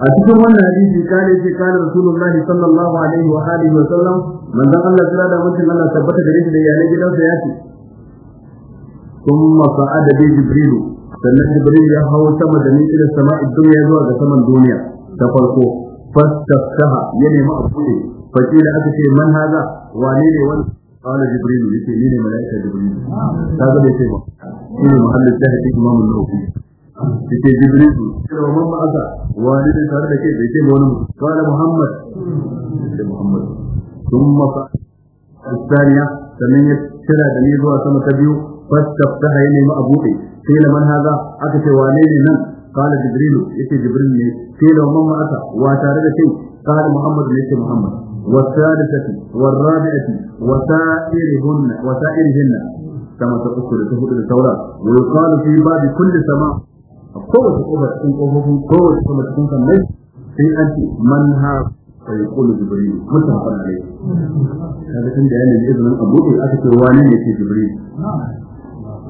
a cikin wannan hadisi kale ce kale rasulullahi sallallahu alaihi wa alihi wa sallam manzon Allah kira da mutum Allah tabbata da shi da iyalan gidansa ya ce kuma sa'ada bi jibril sannan jibril ya hawo sama da ni ila sama'i dunya zuwa ga saman duniya da farko fastaftaha ya nemi a bude fakila aka ce man haza wane ne wani قال جبريل يقول لي ملائكه جبريل هذا ليس هو في محل الشاهد امام النووي yake jibril wa da tare da ke da muhammad da da ni zuwa ta biyu fastafta ha yi nemi abuɗe sai la nan kala jibril yake jibril ne sai da ke kala muhammad ne أقول أبدا إن أبوه دور كما تكون كمل في أنت منها فيقول جبريل متفق عليه هذا كان جاي من ابن أبو إل أكيد رواني يسي جبريل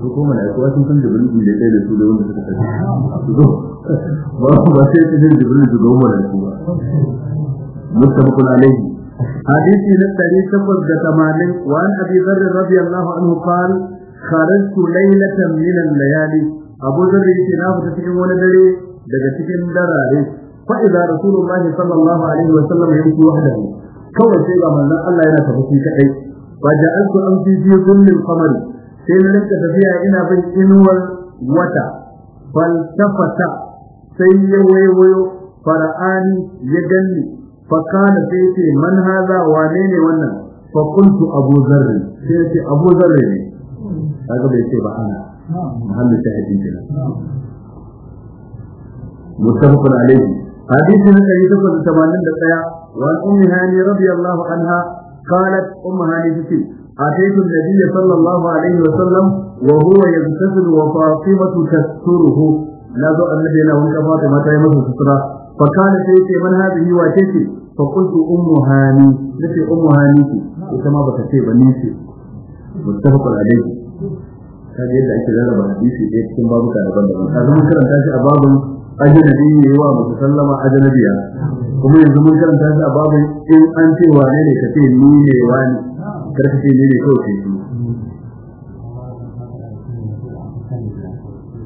حكومة الأخوة تنسى يقولون من لتين رسولة ومن تتكلم ما شيء تنسى جبريل جبريل الأخوة متفق عليه حديثي للتاريخ تقول جتمالي وعن أبي ذر رضي الله عنه قال خرجت ليلة من الليالي abu zarri yake na fita cikin wani dare daga cikin darare fa idza rasulullahi sallallahu alaihi wa sallam yamshi wahdahu kawai sai ga manzon Allah yana tafi kadai fa ja'altu an fi dhullil qamari sai na rinka tafiya ina bin inuwar wata bal tafata sai ya wayo fara'ani ya ganni fa kana sai ce man hadha wane ne wannan fa kuntu abu zarri sai ce abu zarri ne kaga bai ce ba ana محل الشاهدين كده متفق عليه حديث من سيد بن ثمانين دقيقة وعن أم هاني رضي الله عنها قالت أم هاني تسي أتيت النبي صلى الله عليه وسلم وهو يغتسل وفاطمة تستره لا ذو النبي له أنك فاطمة تيمس سترة فقال سيدي من هذه واتيتي فقلت أم هاني نسي أم هاني كما بكتيب نسي متفق عليه kaga yadda ake rarraba hadisi ɗaya cikin babuka daban-daban a zama karanta shi a babin ajanabi ne wa musu sallama ajanabiya kuma yanzu mun karanta shi a babin in an ce wa ne ka ce ni ne wani karka ce ni ne kawai ce shi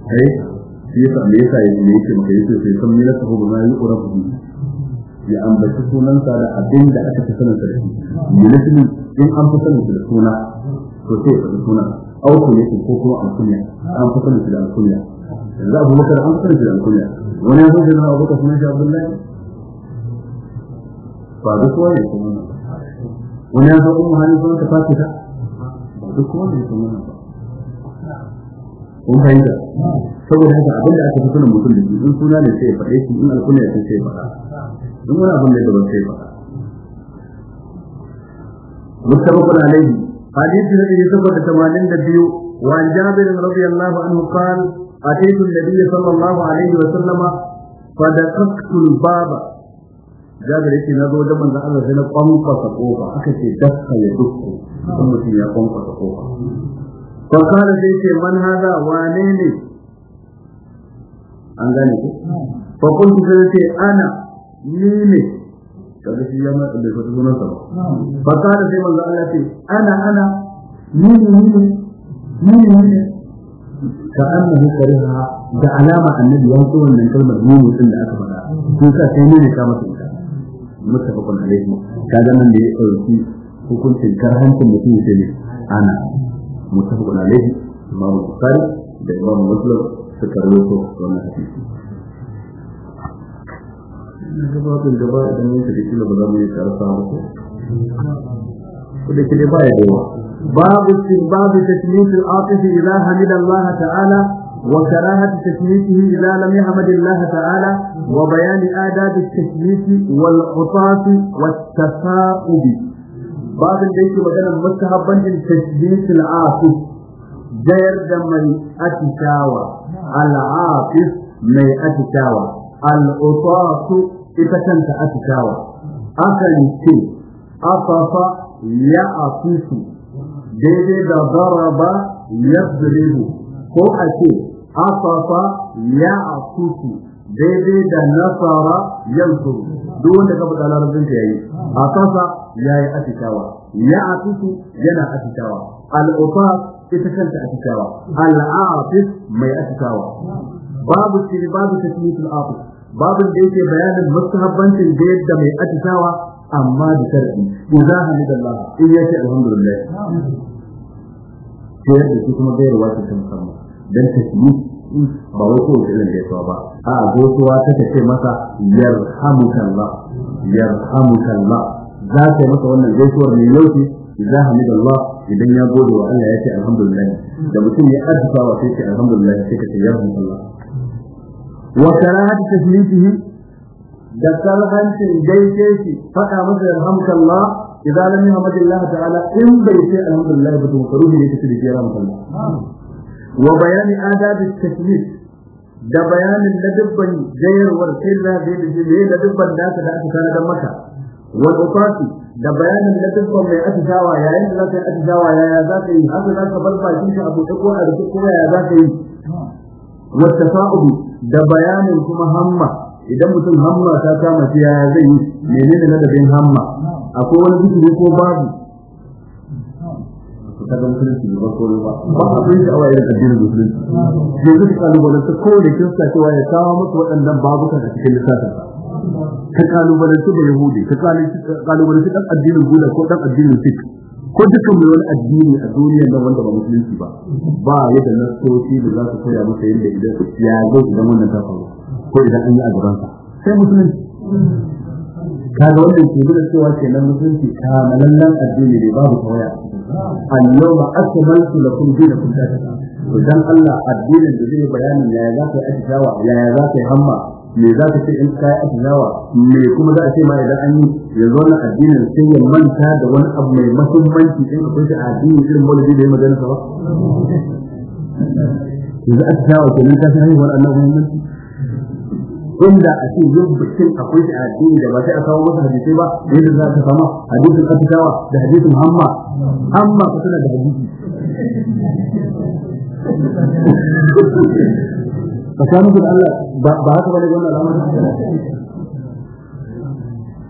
ai shi yasa me yasa yanzu ne yake maka yake sai san mina sahu ba mai urabu ya ambaci sunansa da abin da aka fi sanin sa da shi in an fi sanin sa suna to sai ya fi sunan auku yake ko kuma alkunya an fi sanin da alkunya yanzu abu bakar an fi sanin da alkunya wani ya zai zama abu bakar sunan shi abdullahi ba da kowa ne kuma wani ya zama umar hannun sunan ka fashe ta ba da kowa ne kuma ba kun fahimta saboda haka abinda aka fi sanin mutum da shi in suna ne sai ya faɗe shi in alkunya sai sai ya faɗa in wani abin da ya gaba sai ya faɗa متفق عليه حديث الذي سبق ثمانين دبيو وعن جابر رضي الله عنه قال أتيت النبي صلى الله عليه وسلم فدققت الباب جابر يتي نزو جمع الله سنة قنقة قوفة أكتي دقة يدق ثم يا قنقة قوفة فقال سيتي من هذا وانيني أنزاني فقلت سيتي أنا نيني kaga shi ya da bai sunan sa ba fa kana sai manzo Allah ce ana ana ni ni ni ni ka annahu kariha da alama annabi ya so wannan kalmar ni din da aka faɗa ko ka sai ne ka masa ita muttafaqun alaihi kaga nan da ya dauki hukuncin karhancin mutum sai ne ana muttafaqun alaihi imamu bukhari da imamu muslim suka rawaito wannan hadisi na gabatin gaba idan mun tafi kila ba za mu yi karfa ba ko da ke da baya yawa babu babu tasmiyat al-atif ila hamidallah ta'ala wa karahati tasmiyatihi ila lam yahmadillah ta'ala wa bayan adab at-tasmiyat wal utaf wat tasaqub babin da yake magana mustahabbanin tasmiyat al-atif jayar da mai atishawa al-atif mai atishawa al-utaf ita kanta atishawa akan ce afafa ya afisu daidai da ba ya zurihu ko a ce afafa ya afisu daidai da nasara yanzu duk wanda ka faɗa larabcin ta yayi a kasa ya yi atishawa ya afisu yana atishawa al'ufas ita kanta atishawa al'afis mai atishawa babu shiri babu tasmitul afis babin da yake bayanin mustahabbancin da yadda mai atisawa amma da sharadi idza Allah, in ya ce alhamdulillah sai da shi kuma bayar wa cikin samu? dan tasmi ba wai kowace irin da ya ba a gosuwa ta ce masa yarhamukallah yarhamukallah za ta masa wannan gaisuwar mai yauki idza hamidallah idan ya gode wa Allah ya ce alhamdulillah da mutum ya addu'a wa sai ce alhamdulillah sai ka ce yarhamukallah wa karahatu taslifihi da karhancin gaishe shi faɗa masa yarhamukallah idan lam yahmad Allah ta'ala in bai ce alhamdulillah ba to karuhi ne kace da yarhamukallah wa bayani adab at-taslif da bayanin ladabban jayarwar sai da zai da ladabban da aka da aka kana dan maka Wani utasi da bayanin ladabban mai atisawa yayin da zaka yi atisawa yaya ka yi haka ka bar bakin ka abu ta ko a rubuta ko yaya ka yi wa tafa'ubi da bayanin kuma hamma idan mutum hamma ta kama shi ya zai yi menene na dabin hamma akwai wani zikiri ko babu ta ga musulunci ba ko ba ba a sun sha'awa irin addinin musulunci yanzu ka kalubalanta kowane kirista cewa ya kawo musu waɗannan babuka da cikin lissafin ka kalubalanta ba yahudi ka kalubalanta ɗan addinin buda ko ɗan addinin sikh ko dukkan wani addini a duniya nan wanda ba musulunci ba ba yadda nasoci da za su koya masa yadda idan ya zo idan wannan ta faru ko idan an yi a gaban sa sai musulunci ga wannan ke nuna cewa kenan musulunci malallan addini ne babu tawaya al da kun lakum kun ta ta dan Allah addinin da zai bayanin yaya za ka yi ya yaya za ka yi hamma me za ka ce in ka yi atijawa me kuma za a ce ma idan an yi yanzu wannan addinin sai ya manta da wani abu mai mahimmanci in ka kunshi a addinin irin maulidi da ya magana sa ba yanzu atijawa ke nan ta fi haihuwar annabi muhimmanci inda a ce yin bikin akwai shi a addini da ba sai a kawo masa hadisai ba da yadda za ka samu hadisin atijawa da hadisin hamma hamma ka tana da hadisi tsakanin da Allah ba haka bane wannan al'amari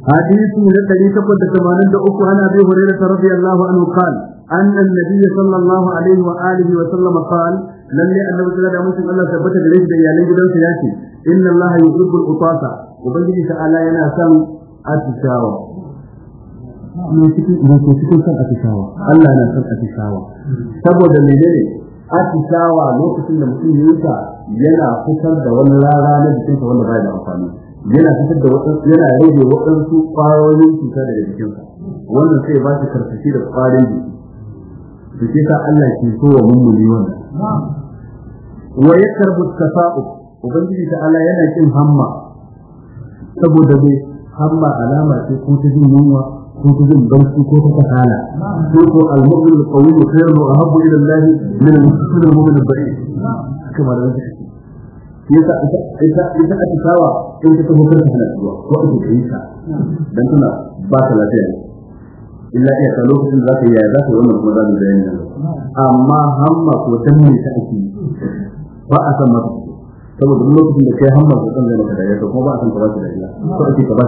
حديث من الذي تقول تسمانين دعوك عن أبي هريرة رضي الله عنه قال أن النبي صلى الله عليه وآله وسلم قال لم يأنه صلى الله عليه وسلم الله ثبت إليه بيالين جدا سياسي إن الله يحب القطاسة وبنجي تعالى يناسم أتشاوى من cikin kan atishawa Allah yana son atishawa saboda menene atishawa lokacin da mutum ya ta yana fitar da wani rara na jikinsa wanda bai da amfani yana fitar da yana rage wadansu ƙwayoyin cuta daga jikinsa wannan sai ba shi karfafi da ƙwarin jiki da ke sa Allah ke so wa mummuni wannan wa yakarbu tasa'ub ubangiji ta Allah yana kin hamma saboda dai hamma alama ce ko ta jin yunwa كنت جن بنسي كنت تحالة المؤمن القوي خير إلى الله من المؤمن كما yasa a in zuwa ko dan ba ta lafiya illa ya ka lokacin da zaka zaka wannan kuma zaka da amma hamma ko tan ne ta ake ba a san mata saboda lokacin da kai hamma ko tan da ko ba a san ba ta da ko ake ba ta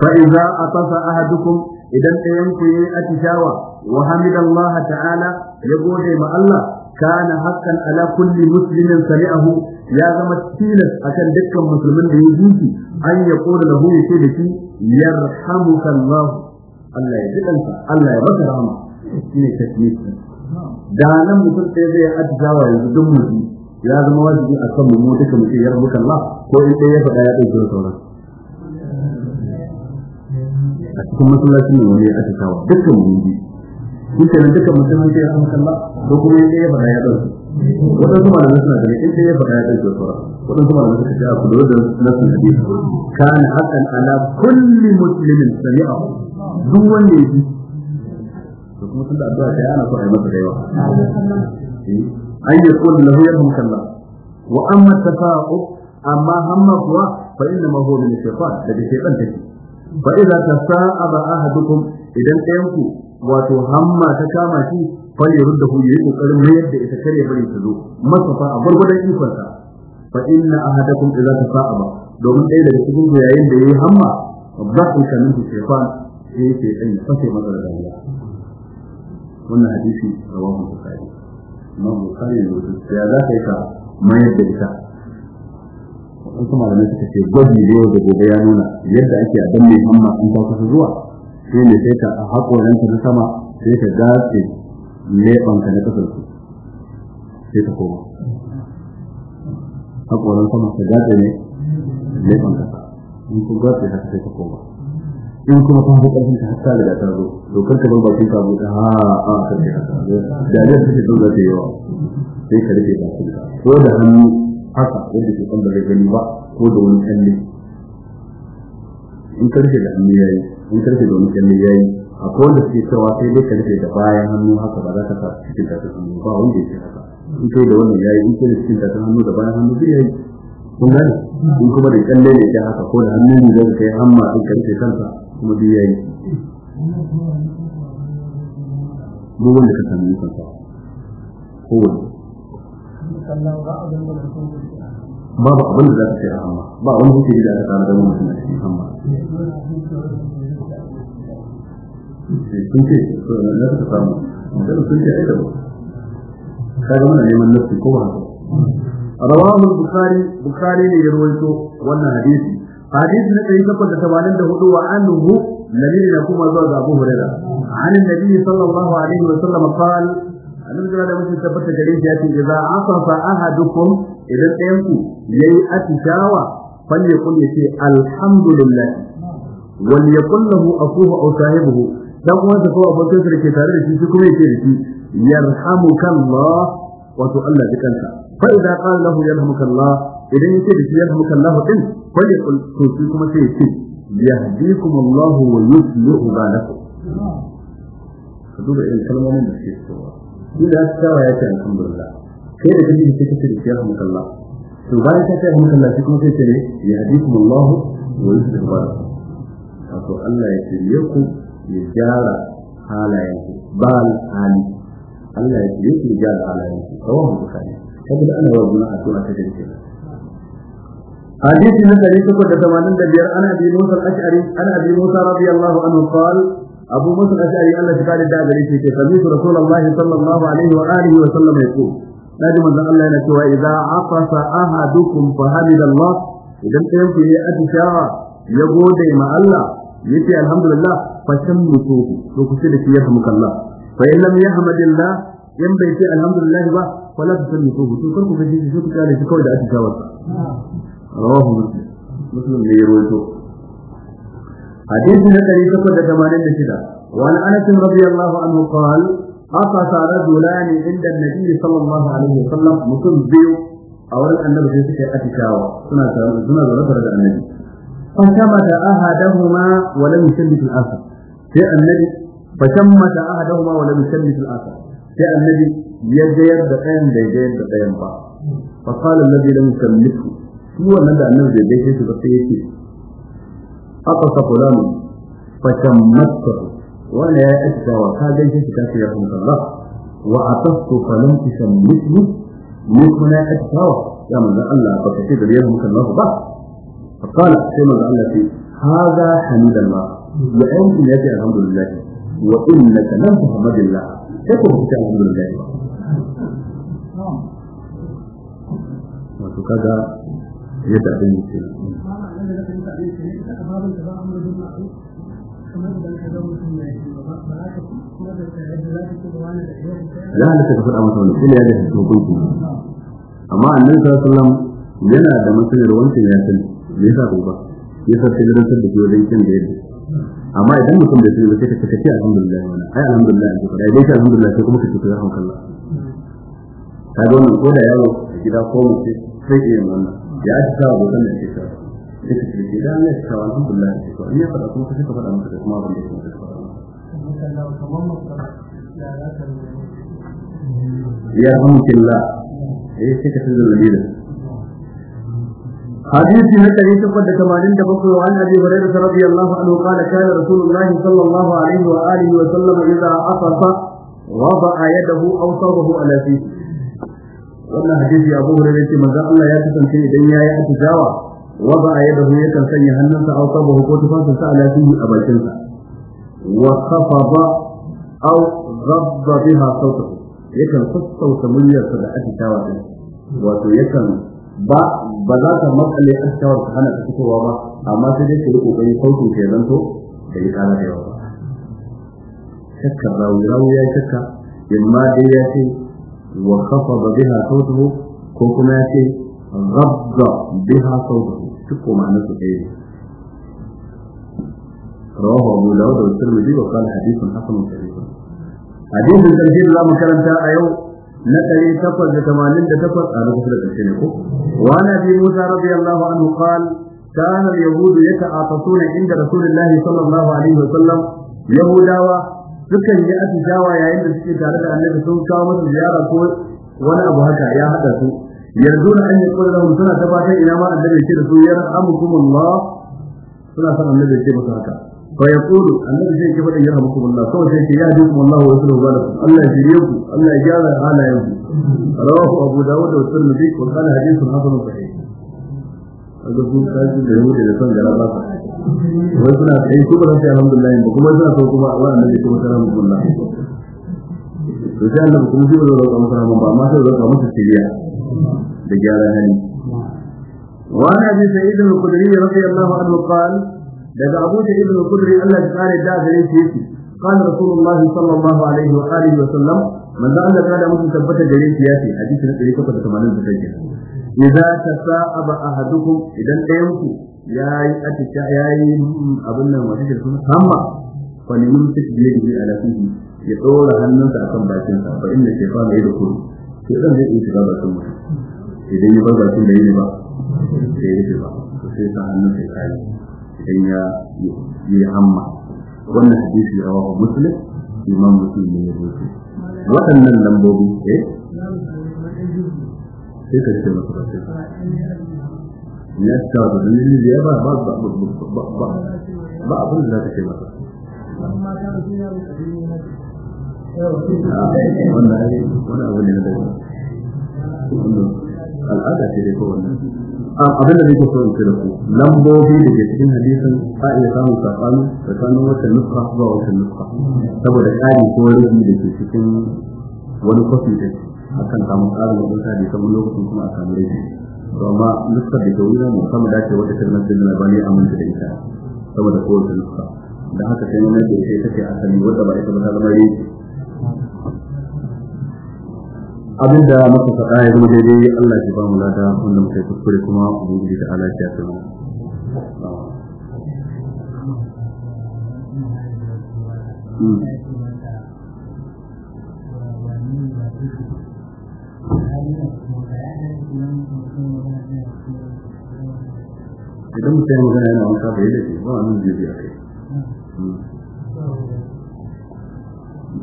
fa idza atasa ahadukum idan ɗayan ku yi atishawa wa hamidallah ta'ala ya gode ma Allah kana haqqan ala kulli muslimin sami'ahu ya zama tilas akan dukkan musulmin da ya ji an ya koda lahu da shi yarhamuka Allah Allah ya ji kanka Allah ya baka rahama shine tasmiya da nan mutum sai zai atishawa yanzu duk mutum ya zama a kan mu duka ko in sai ya faɗa ya ɗauke sauran a cikin masallacin ne wani ya aka kawo dukkan mundi dukkan dukkan musulman da ya san kalla ko kuma ya yake ya faɗa ya dauke wadansu malamai suna ganin in sai ya faɗa ya dauke sura wadansu da suka ce a kudu da nasu hadisi kana hakan ala kulli muslimin sami'ahu duk wanda ya ji to kuma tunda addu'a ta ana so a yi masa da yawa eh, an yi yaqul lahu yarhamuka Allah wa amma tafa'u amma hamma kuwa fa inna ma huwa min shaytan daga shaytan take fa idza tasa'aba ahadukum idan ɗayan ku wato hamma ta kama shi fa ya rudda hu yayi kokarin mai yadda ita kare bari ta zo masa fa a gurgurdan ikonsa fa inna ahadakum idza tasa'aba domin ɗaya daga cikin ku yayin da yayi hamma zabbu ka min shaytan sai sai ɗan sai masa da rayuwa wannan hadisi rawahu bukhari imam bukhari ne ya zaka yi ka mayar da ita wasu malamai suka ce gwaji da yau da gobe ya nuna yadda ake a danne hamma in ta kusa zuwa shi ne sai ka haƙoranka na sama sai ka dace leɓanka na ƙasar ku, sai ka koma haƙoran sama ka dace ne leɓan ƙasa in kun dace haka sai ka koma in kuma ka haɗu ƙarfin ka da ta zo dokar karka bar bakin buɗe ha a karfe haka da ne suke zo za ta yawa sai ka rufe bakin ko da hannu haka yadda ke kan bare gani ba ko da wani kalli in karfe da hannu yayi in karfe da wani kalli yayi akwai wanda suke cewa sai dai karfe da bayan hannu haka ba za ka sa cikin tafin hannu ba wanda yake haka in kai da wannan yayi in kai da cikin tafin hannu da bayan hannu zai yayi kun gane in kuma da kalle ne ya haka ko da hannu ne zai kai hamma in karfe kanta kuma zai yayi duk wanda ka sami kansa kowanne Ba ba abin da za ka ce a hamma ba wani hukumi da aka samu da mutum a cikin hamma sun ce na ka samu magana sun ce aida ka ga mana neman nafi ko ba haka rawahu bukhari bukhari ne ya rawaito wannan hadisi hadisi na ɗari takwas da tamanin da hudu wa anhu nabi na kuma zuwa ga abu hurairah an annabi sallallahu alaihi wa sallam qala annabi da mutum tabbata gare shi ya ce idza asafa ahadukum idan ɗayan ku yayi atishawa falle kun yace alhamdulillah wal yakul lahu akuhu aw sahibuhu dan uwan sa ko abokin sa ke tare da shi kuma yake da shi yarhamukallah wato Allah ji kanka fa idza qala lahu yarhamukallah idan yake da shi yarhamukallah din falle kun to shi kuma sai yake yahdikumullahu wa yuslihu balakum duba irin kalmomin da suke fitowa inda aka ta ya ce alhamdulillah kai da kake cikin cikin cikin alhamdulillah to bayan ka ce kuma sai ne ya hadikum Allah wa yusuf barak Allah ya shirye ku ya gyara halayen ku ba hali Allah ya shirye ku ya gyara halayen ku kawai mu kai da ana wa guna addu'a ta dace حديث من طريق 85 عن ابي موسى الاشعري عن ابي موسى رضي الله عنه abu musa ashari Allah shi kare da gare shi ce sami su rasulullahi sallallahu alaihi wa alihi wa sallam ya ce naji manzon Allah yana cewa idza aqasa ahadukum fa hamidallah idan ɗayan ku yi atishawa ya gode ma Allah yace alhamdulillah fa shammutu to ku ce da shi ya hamka Allah fa in lam yahmadillah in bai ce alhamdulillah ba wala ta shammutu to kar ku ga shi ku kare shi kawai da atishawa rawahu muslim muslim ne ya حديث الذي تقول تمانين لشدة وعن أنس رضي الله عنه قال قصص رجلان عند النبي صلى الله عليه وسلم مكن بيو أولا أن نبي سيسك أتكاوى سنة سنة رفض النبي فشمت أحدهما ولم يشمت الآخر في النبي فشمت أحدهما ولم يشمت الآخر في النبي يجير بأن يجير بأن فقال الذي لم يشمته هو الذي النبي يجير بأن قطص فلان فشمته ولا يأتى وهذا ليس كافي يرحمك الله وعطفت فلم تشمته ممكن أتى يا من الله فكيف يرحمك الله بقى فقال كما الله التي هذا حميد الله وأنت يأتي الحمد لله وإنك لم تحمد الله تكون الحمد لله نعم. وكذا kaga yadda ya halitta ka faɗa masa wani kuma ya ya da hukunci amma annabi sallallahu alaihi yana da matsalar wancan ya san me yasa ko ba yasa sai da rantsar da jiyoyin kan da yake amma idan mutum da sai ka ka ce alhamdulillah wala ai alhamdulillah ka faɗa dai alhamdulillah sai kuma ka ce rahmakallah kaga wannan ko da gida ko mutum sai ya yi ya ci sa da ke da ka ce da Allah ya kawo da ya faɗa kuma kace ka faɗa masa da kuma abin da yake da ya hamdulillah eh sai ka tsaya da dalilin حديث من الذي تقد كمالين تبقوا عن أبي هريرة رضي الله عنه قال كان رسول الله صلى الله عليه وآله وسلم إذا عطس وضع يده أو صوبه على فيه wannan hadisi abu hurairah ce manzo Allah ya kasance idan yayi atijawa وضع يده يكن سن يهنن سأوصبه قوت فانس سأل فيه أبا الشنسة وخفض أو غض بها صوته يكن صوت صوت مليا سبعة شاوات وتو يكن با بذات مسألة أشاوات هنا تكتوا وما أما سيدي سلوكو بين صوت في ذنته كي قال في وما شكا راوي راوي يا شكا إما إياتي وخفض بها صوته كوكما يأتي غض بها صوته duk ko ma'anar su ɗaya ne rawahu abu dawud wa tirmidhi wa qala hadithun hasanun sahih hadithin sarki da karanta a yau na ɗari takwas da tamanin da takwas a da ƙarshe ne ko wa na bi musa radiyallahu anhu كان اليهود يتعاطفون عند رسول الله صلى الله عليه وسلم يهوداوا sukan yi atijawa yayin da suke tare da annabi sun kawo masa ziyara ko wani abu haka ya hada su yanzu na an yi kula da suna ta fatan ina ma annabi ce da su ya suna san annabi ce musu haka fa yaqulu annabi zai ce fadin ya rahamukum Allah Kuma sai ce ya dukum Allah wa rasuluhu balakum Allah ya jire ku Allah ya gyara halayen ku rawahu Abu Dawud wa Tirmidhi wa kana hadithun hasan sahih kaga ku kaji da yau da san gara ba wai suna kai ku ba alhamdulillah ba kuma suna so kuma wa annabi kuma sallallahu alaihi wasallam to sai Allah kuma zai da. masa rahama ba amma sai roƙa masa da gyaran hali wani abin sai idan kudiri ya rafi Allah wa alwakal daga abu idan kudiri Allah ya tsare da gare shi yake kan rasulullahi sallallahu alaihi wa alihi wa sallam manzo Allah ya da mutu tabbata gare shi yake a cikin 1880 idza tasaaba ahadukum idan dayan ku yayi atika yayi abin nan wani jirgin kuma kwani mun tafi da ala kuma ya tsora hannunsa akan bakinsa fa inna mai yadkhulu sai zan zai iya shiga bakin mutum idan ya bar bakin da yi ba sai ya shiga sai sa hannun sai kayi idan ya yi hamma wannan hadisi rawahu muslim imam muslim ne ya rubuta waɗannan lambobi eh sai ka ce masa bakin ya ta da dalilin da ya ba ba ba ba ba abin da za ka ce masa wanda ai wani abu ne na daga al'ada ce dai kowanne abin da nake so in ce da ku lambobi da ke cikin hadisan, a iya samun sabani tsakanin wata nufa zuwa wata nufa saboda ƙari ko rubi da ke cikin wani kwafi da akan samu ƙarin wadata da kamar lokacin kuma a samu rai to amma nufar da ke wuri mu samu dace wata kalmar da na bani amince da ita saboda kowace nufa da haka sai mun nake sai take asali wadda ba ita ba ta zama rai abin da muka faɗa ya zama daidai Allah ya ba mu lada wanda muka yi kuskure kuma ubangiji da Allah ya tsara idan mutum ya magana yana wanka bai da shi ba a nan jirgi a kai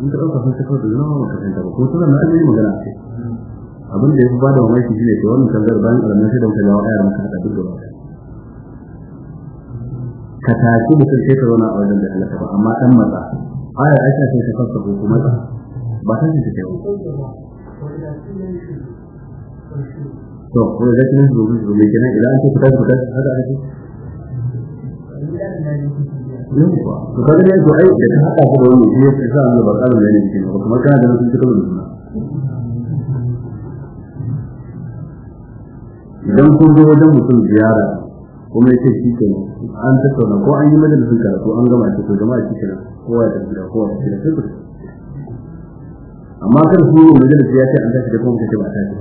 in ka ɗauka sun tafar da zama ba ko tana na ajiye magana ce abin da ya fi ba da mamaki shi ne ke alamun shi ta muka ayar muka haɗa ka ka zauna a wajen da halaka ba amma ɗan matsa aya aisha sai ta fasa ko kuma ba ta ce ta to ko da kin zo zo idan an fita fita haka ake to kaga dai to ai da ta hada ku da wani ne ya sa Allah ba karin ne cikin ba kuma kana da wasu cikin da suna idan kun zo wajen mutum ziyara kuma yake shi ke an tattauna ko an yi majalisin karatu an gama shi to jama'a shi kenan kowa ya tafi da kowa ya tafi da sai amma kar su yi majalisi ya ce an tafi da kuma kace ba ta ce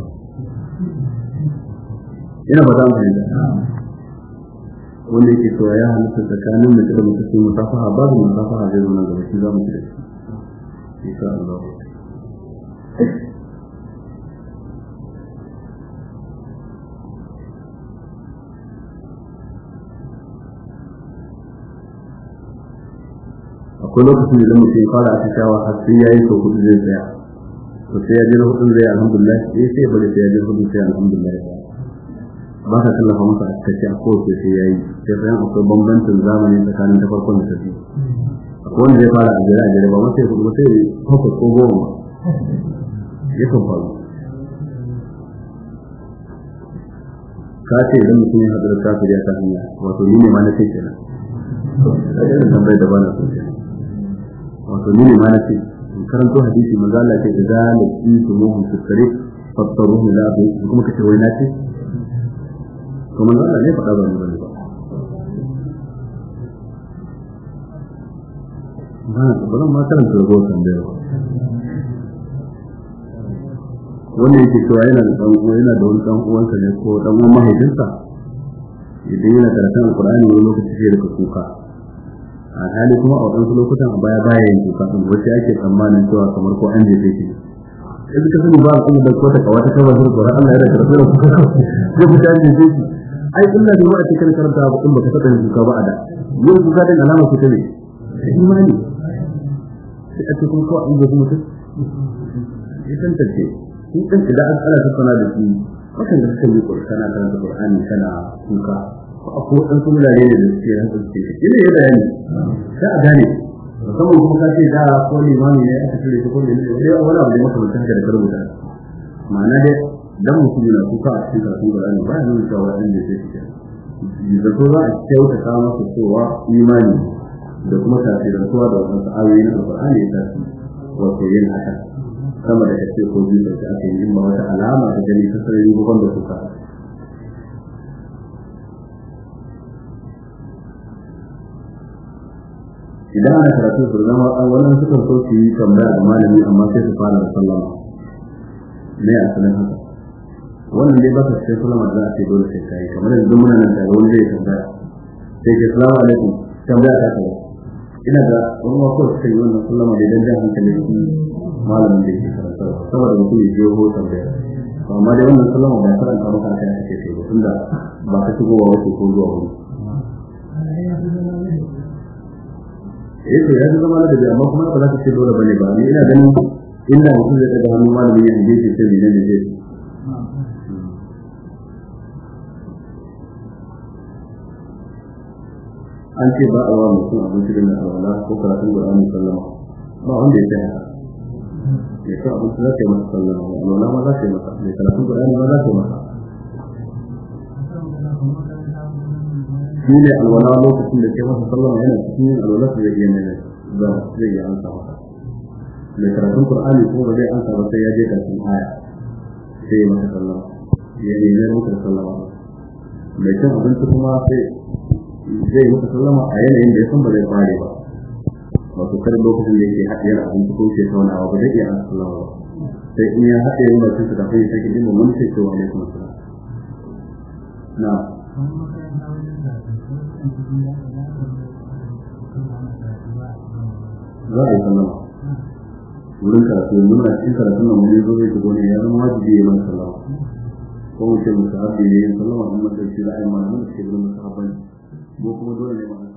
ina ba za mu fahimta wanda yake cewa ya halitta tsakanin mace da mace sun musafaha babu musafaha zai zama gaba shi za mu ci da shi insha Allah akwai lokacin da mutum ya fara atishawa har sai ya yi sau hudu zai tsaya to sai ya ji na hudun zai alhamdulillah sai sai bari sai ya ji hudun sai alhamdulillah ba ka tallafa masa a cikakke a kowace sai ya yi sai bayan akwai bambancin zamani tsakanin ta farkon da ta akwai wanda zai fara a jira a jere ba wata ya kuma sai takwas ko goma ya kan faru ka ce idan mutum ya haɗu da kafir ya ta ya wato ni ne ma na ce kenan tambayar da ba na so wato ni ne ma na ce karanto hadisi manzo Allah ce idan laqitu muhum fi tariq fattaruhu la bi kuma kace wai na ce kuma na ne faɗa ba ni bane ba ba ba zan ma karanta rahoton da yawa wannan yake cewa yana da ɗan uwa yana da wani ɗan uwansa ne ko dan uwan mahaifinsa idan yana karatun alkur'ani wani lokaci sai daga kuka a hali kuma a waɗansu lokutan a baya bayan yin kuka ɗin wacce ake tsammanin cewa kamar ko an jefe shi in ka sani ba al'umma da kota kawata kawai sun tsoron Allah ya da karatu da kuka ya fita an jefe shi ai illa ne wanda cikin karanta ba in baka saba duka ba a da yin duka din alama ce ta ne imani sai a cikin ko an gudu mutum ya tantance in kan idan an ala ta sana da shi wakan da suka yi kurkana kan da Qur'ani kana kuka ko a dan kuma da ne da suke yin kuke kire ya bayani da a gane musamman kuma ka ce da ko limami ne aka tare ko ne wala wala da mutum da rubuta ma'ana dai dan mutum yana kuka a cikin karatun Qur'ani ba ya nuna cewa an da take kenan da so za a kyauta ta masa cewa imani da kuma tafirantuwa da wasu ayoyi na Qur'ani ya tafi wato yin haka sama da kace ko biyu da aka yi ba wata alama da gani ta sarari ko da kuka idan ana karatu su zama wannan sukan so su yi tambaya da malami amma sai su fara da sallama ne a sanin haka wannan dai ba ka sai sallama da ake dole sai kai kamar yanzu muna nan da wani zai tambaya sai ke salamu alaikum tambaya ta kai ina da wani wasu suka yi wannan sallama da dan jan hankali su malamin da yake karanta saboda mutum ya je ho tambaya amma dai wannan sallama ba karanta maka aka yi ake kai ba tunda ba ka shigowa wasu ko zuwa wani eh to ya zama da da amma kuma ba za ka ce dole bane ba ni ina ganin inda mutum zai daga hannun malamin ya je sai ne ne an ce ba a wa mutum abinci da mai alwala ko karatun da ramin sallama ba wanda ya tsaya ya sa abinci za ta yi masa sallama mai alwala ma za ta yi masa mai karatun da ramin ma za ta yi masa shi ne alwala lokacin da ke masa sallama yana cikin yin alwala su zai iya mai zai iya ansa masa mai karatun Qur'ani ko ba zai ansa ba sai ya je kafin aya sai ya masa sallama ya ne ya masa sallama mai cin abinci kuma sai zai maka sallama a yanayin da ya san ba zai fare ba wato kar lokacin da yake haɗe yana abin ko ke taunawa ba zai iya an sallama ba sai in ya haɗe yin bakin su kafin ya sake jin mamman sai cewa ne kuma sallama na za a yi sallama wurin karatu yanzu muna cikin karatun nan wani zo zai shigo ne ya zama wajibi ya mana sallama ko mutum musahabi ne yin sallama amma sai shi da ayyama na mutum ke gudun musahabi 我工作也没完。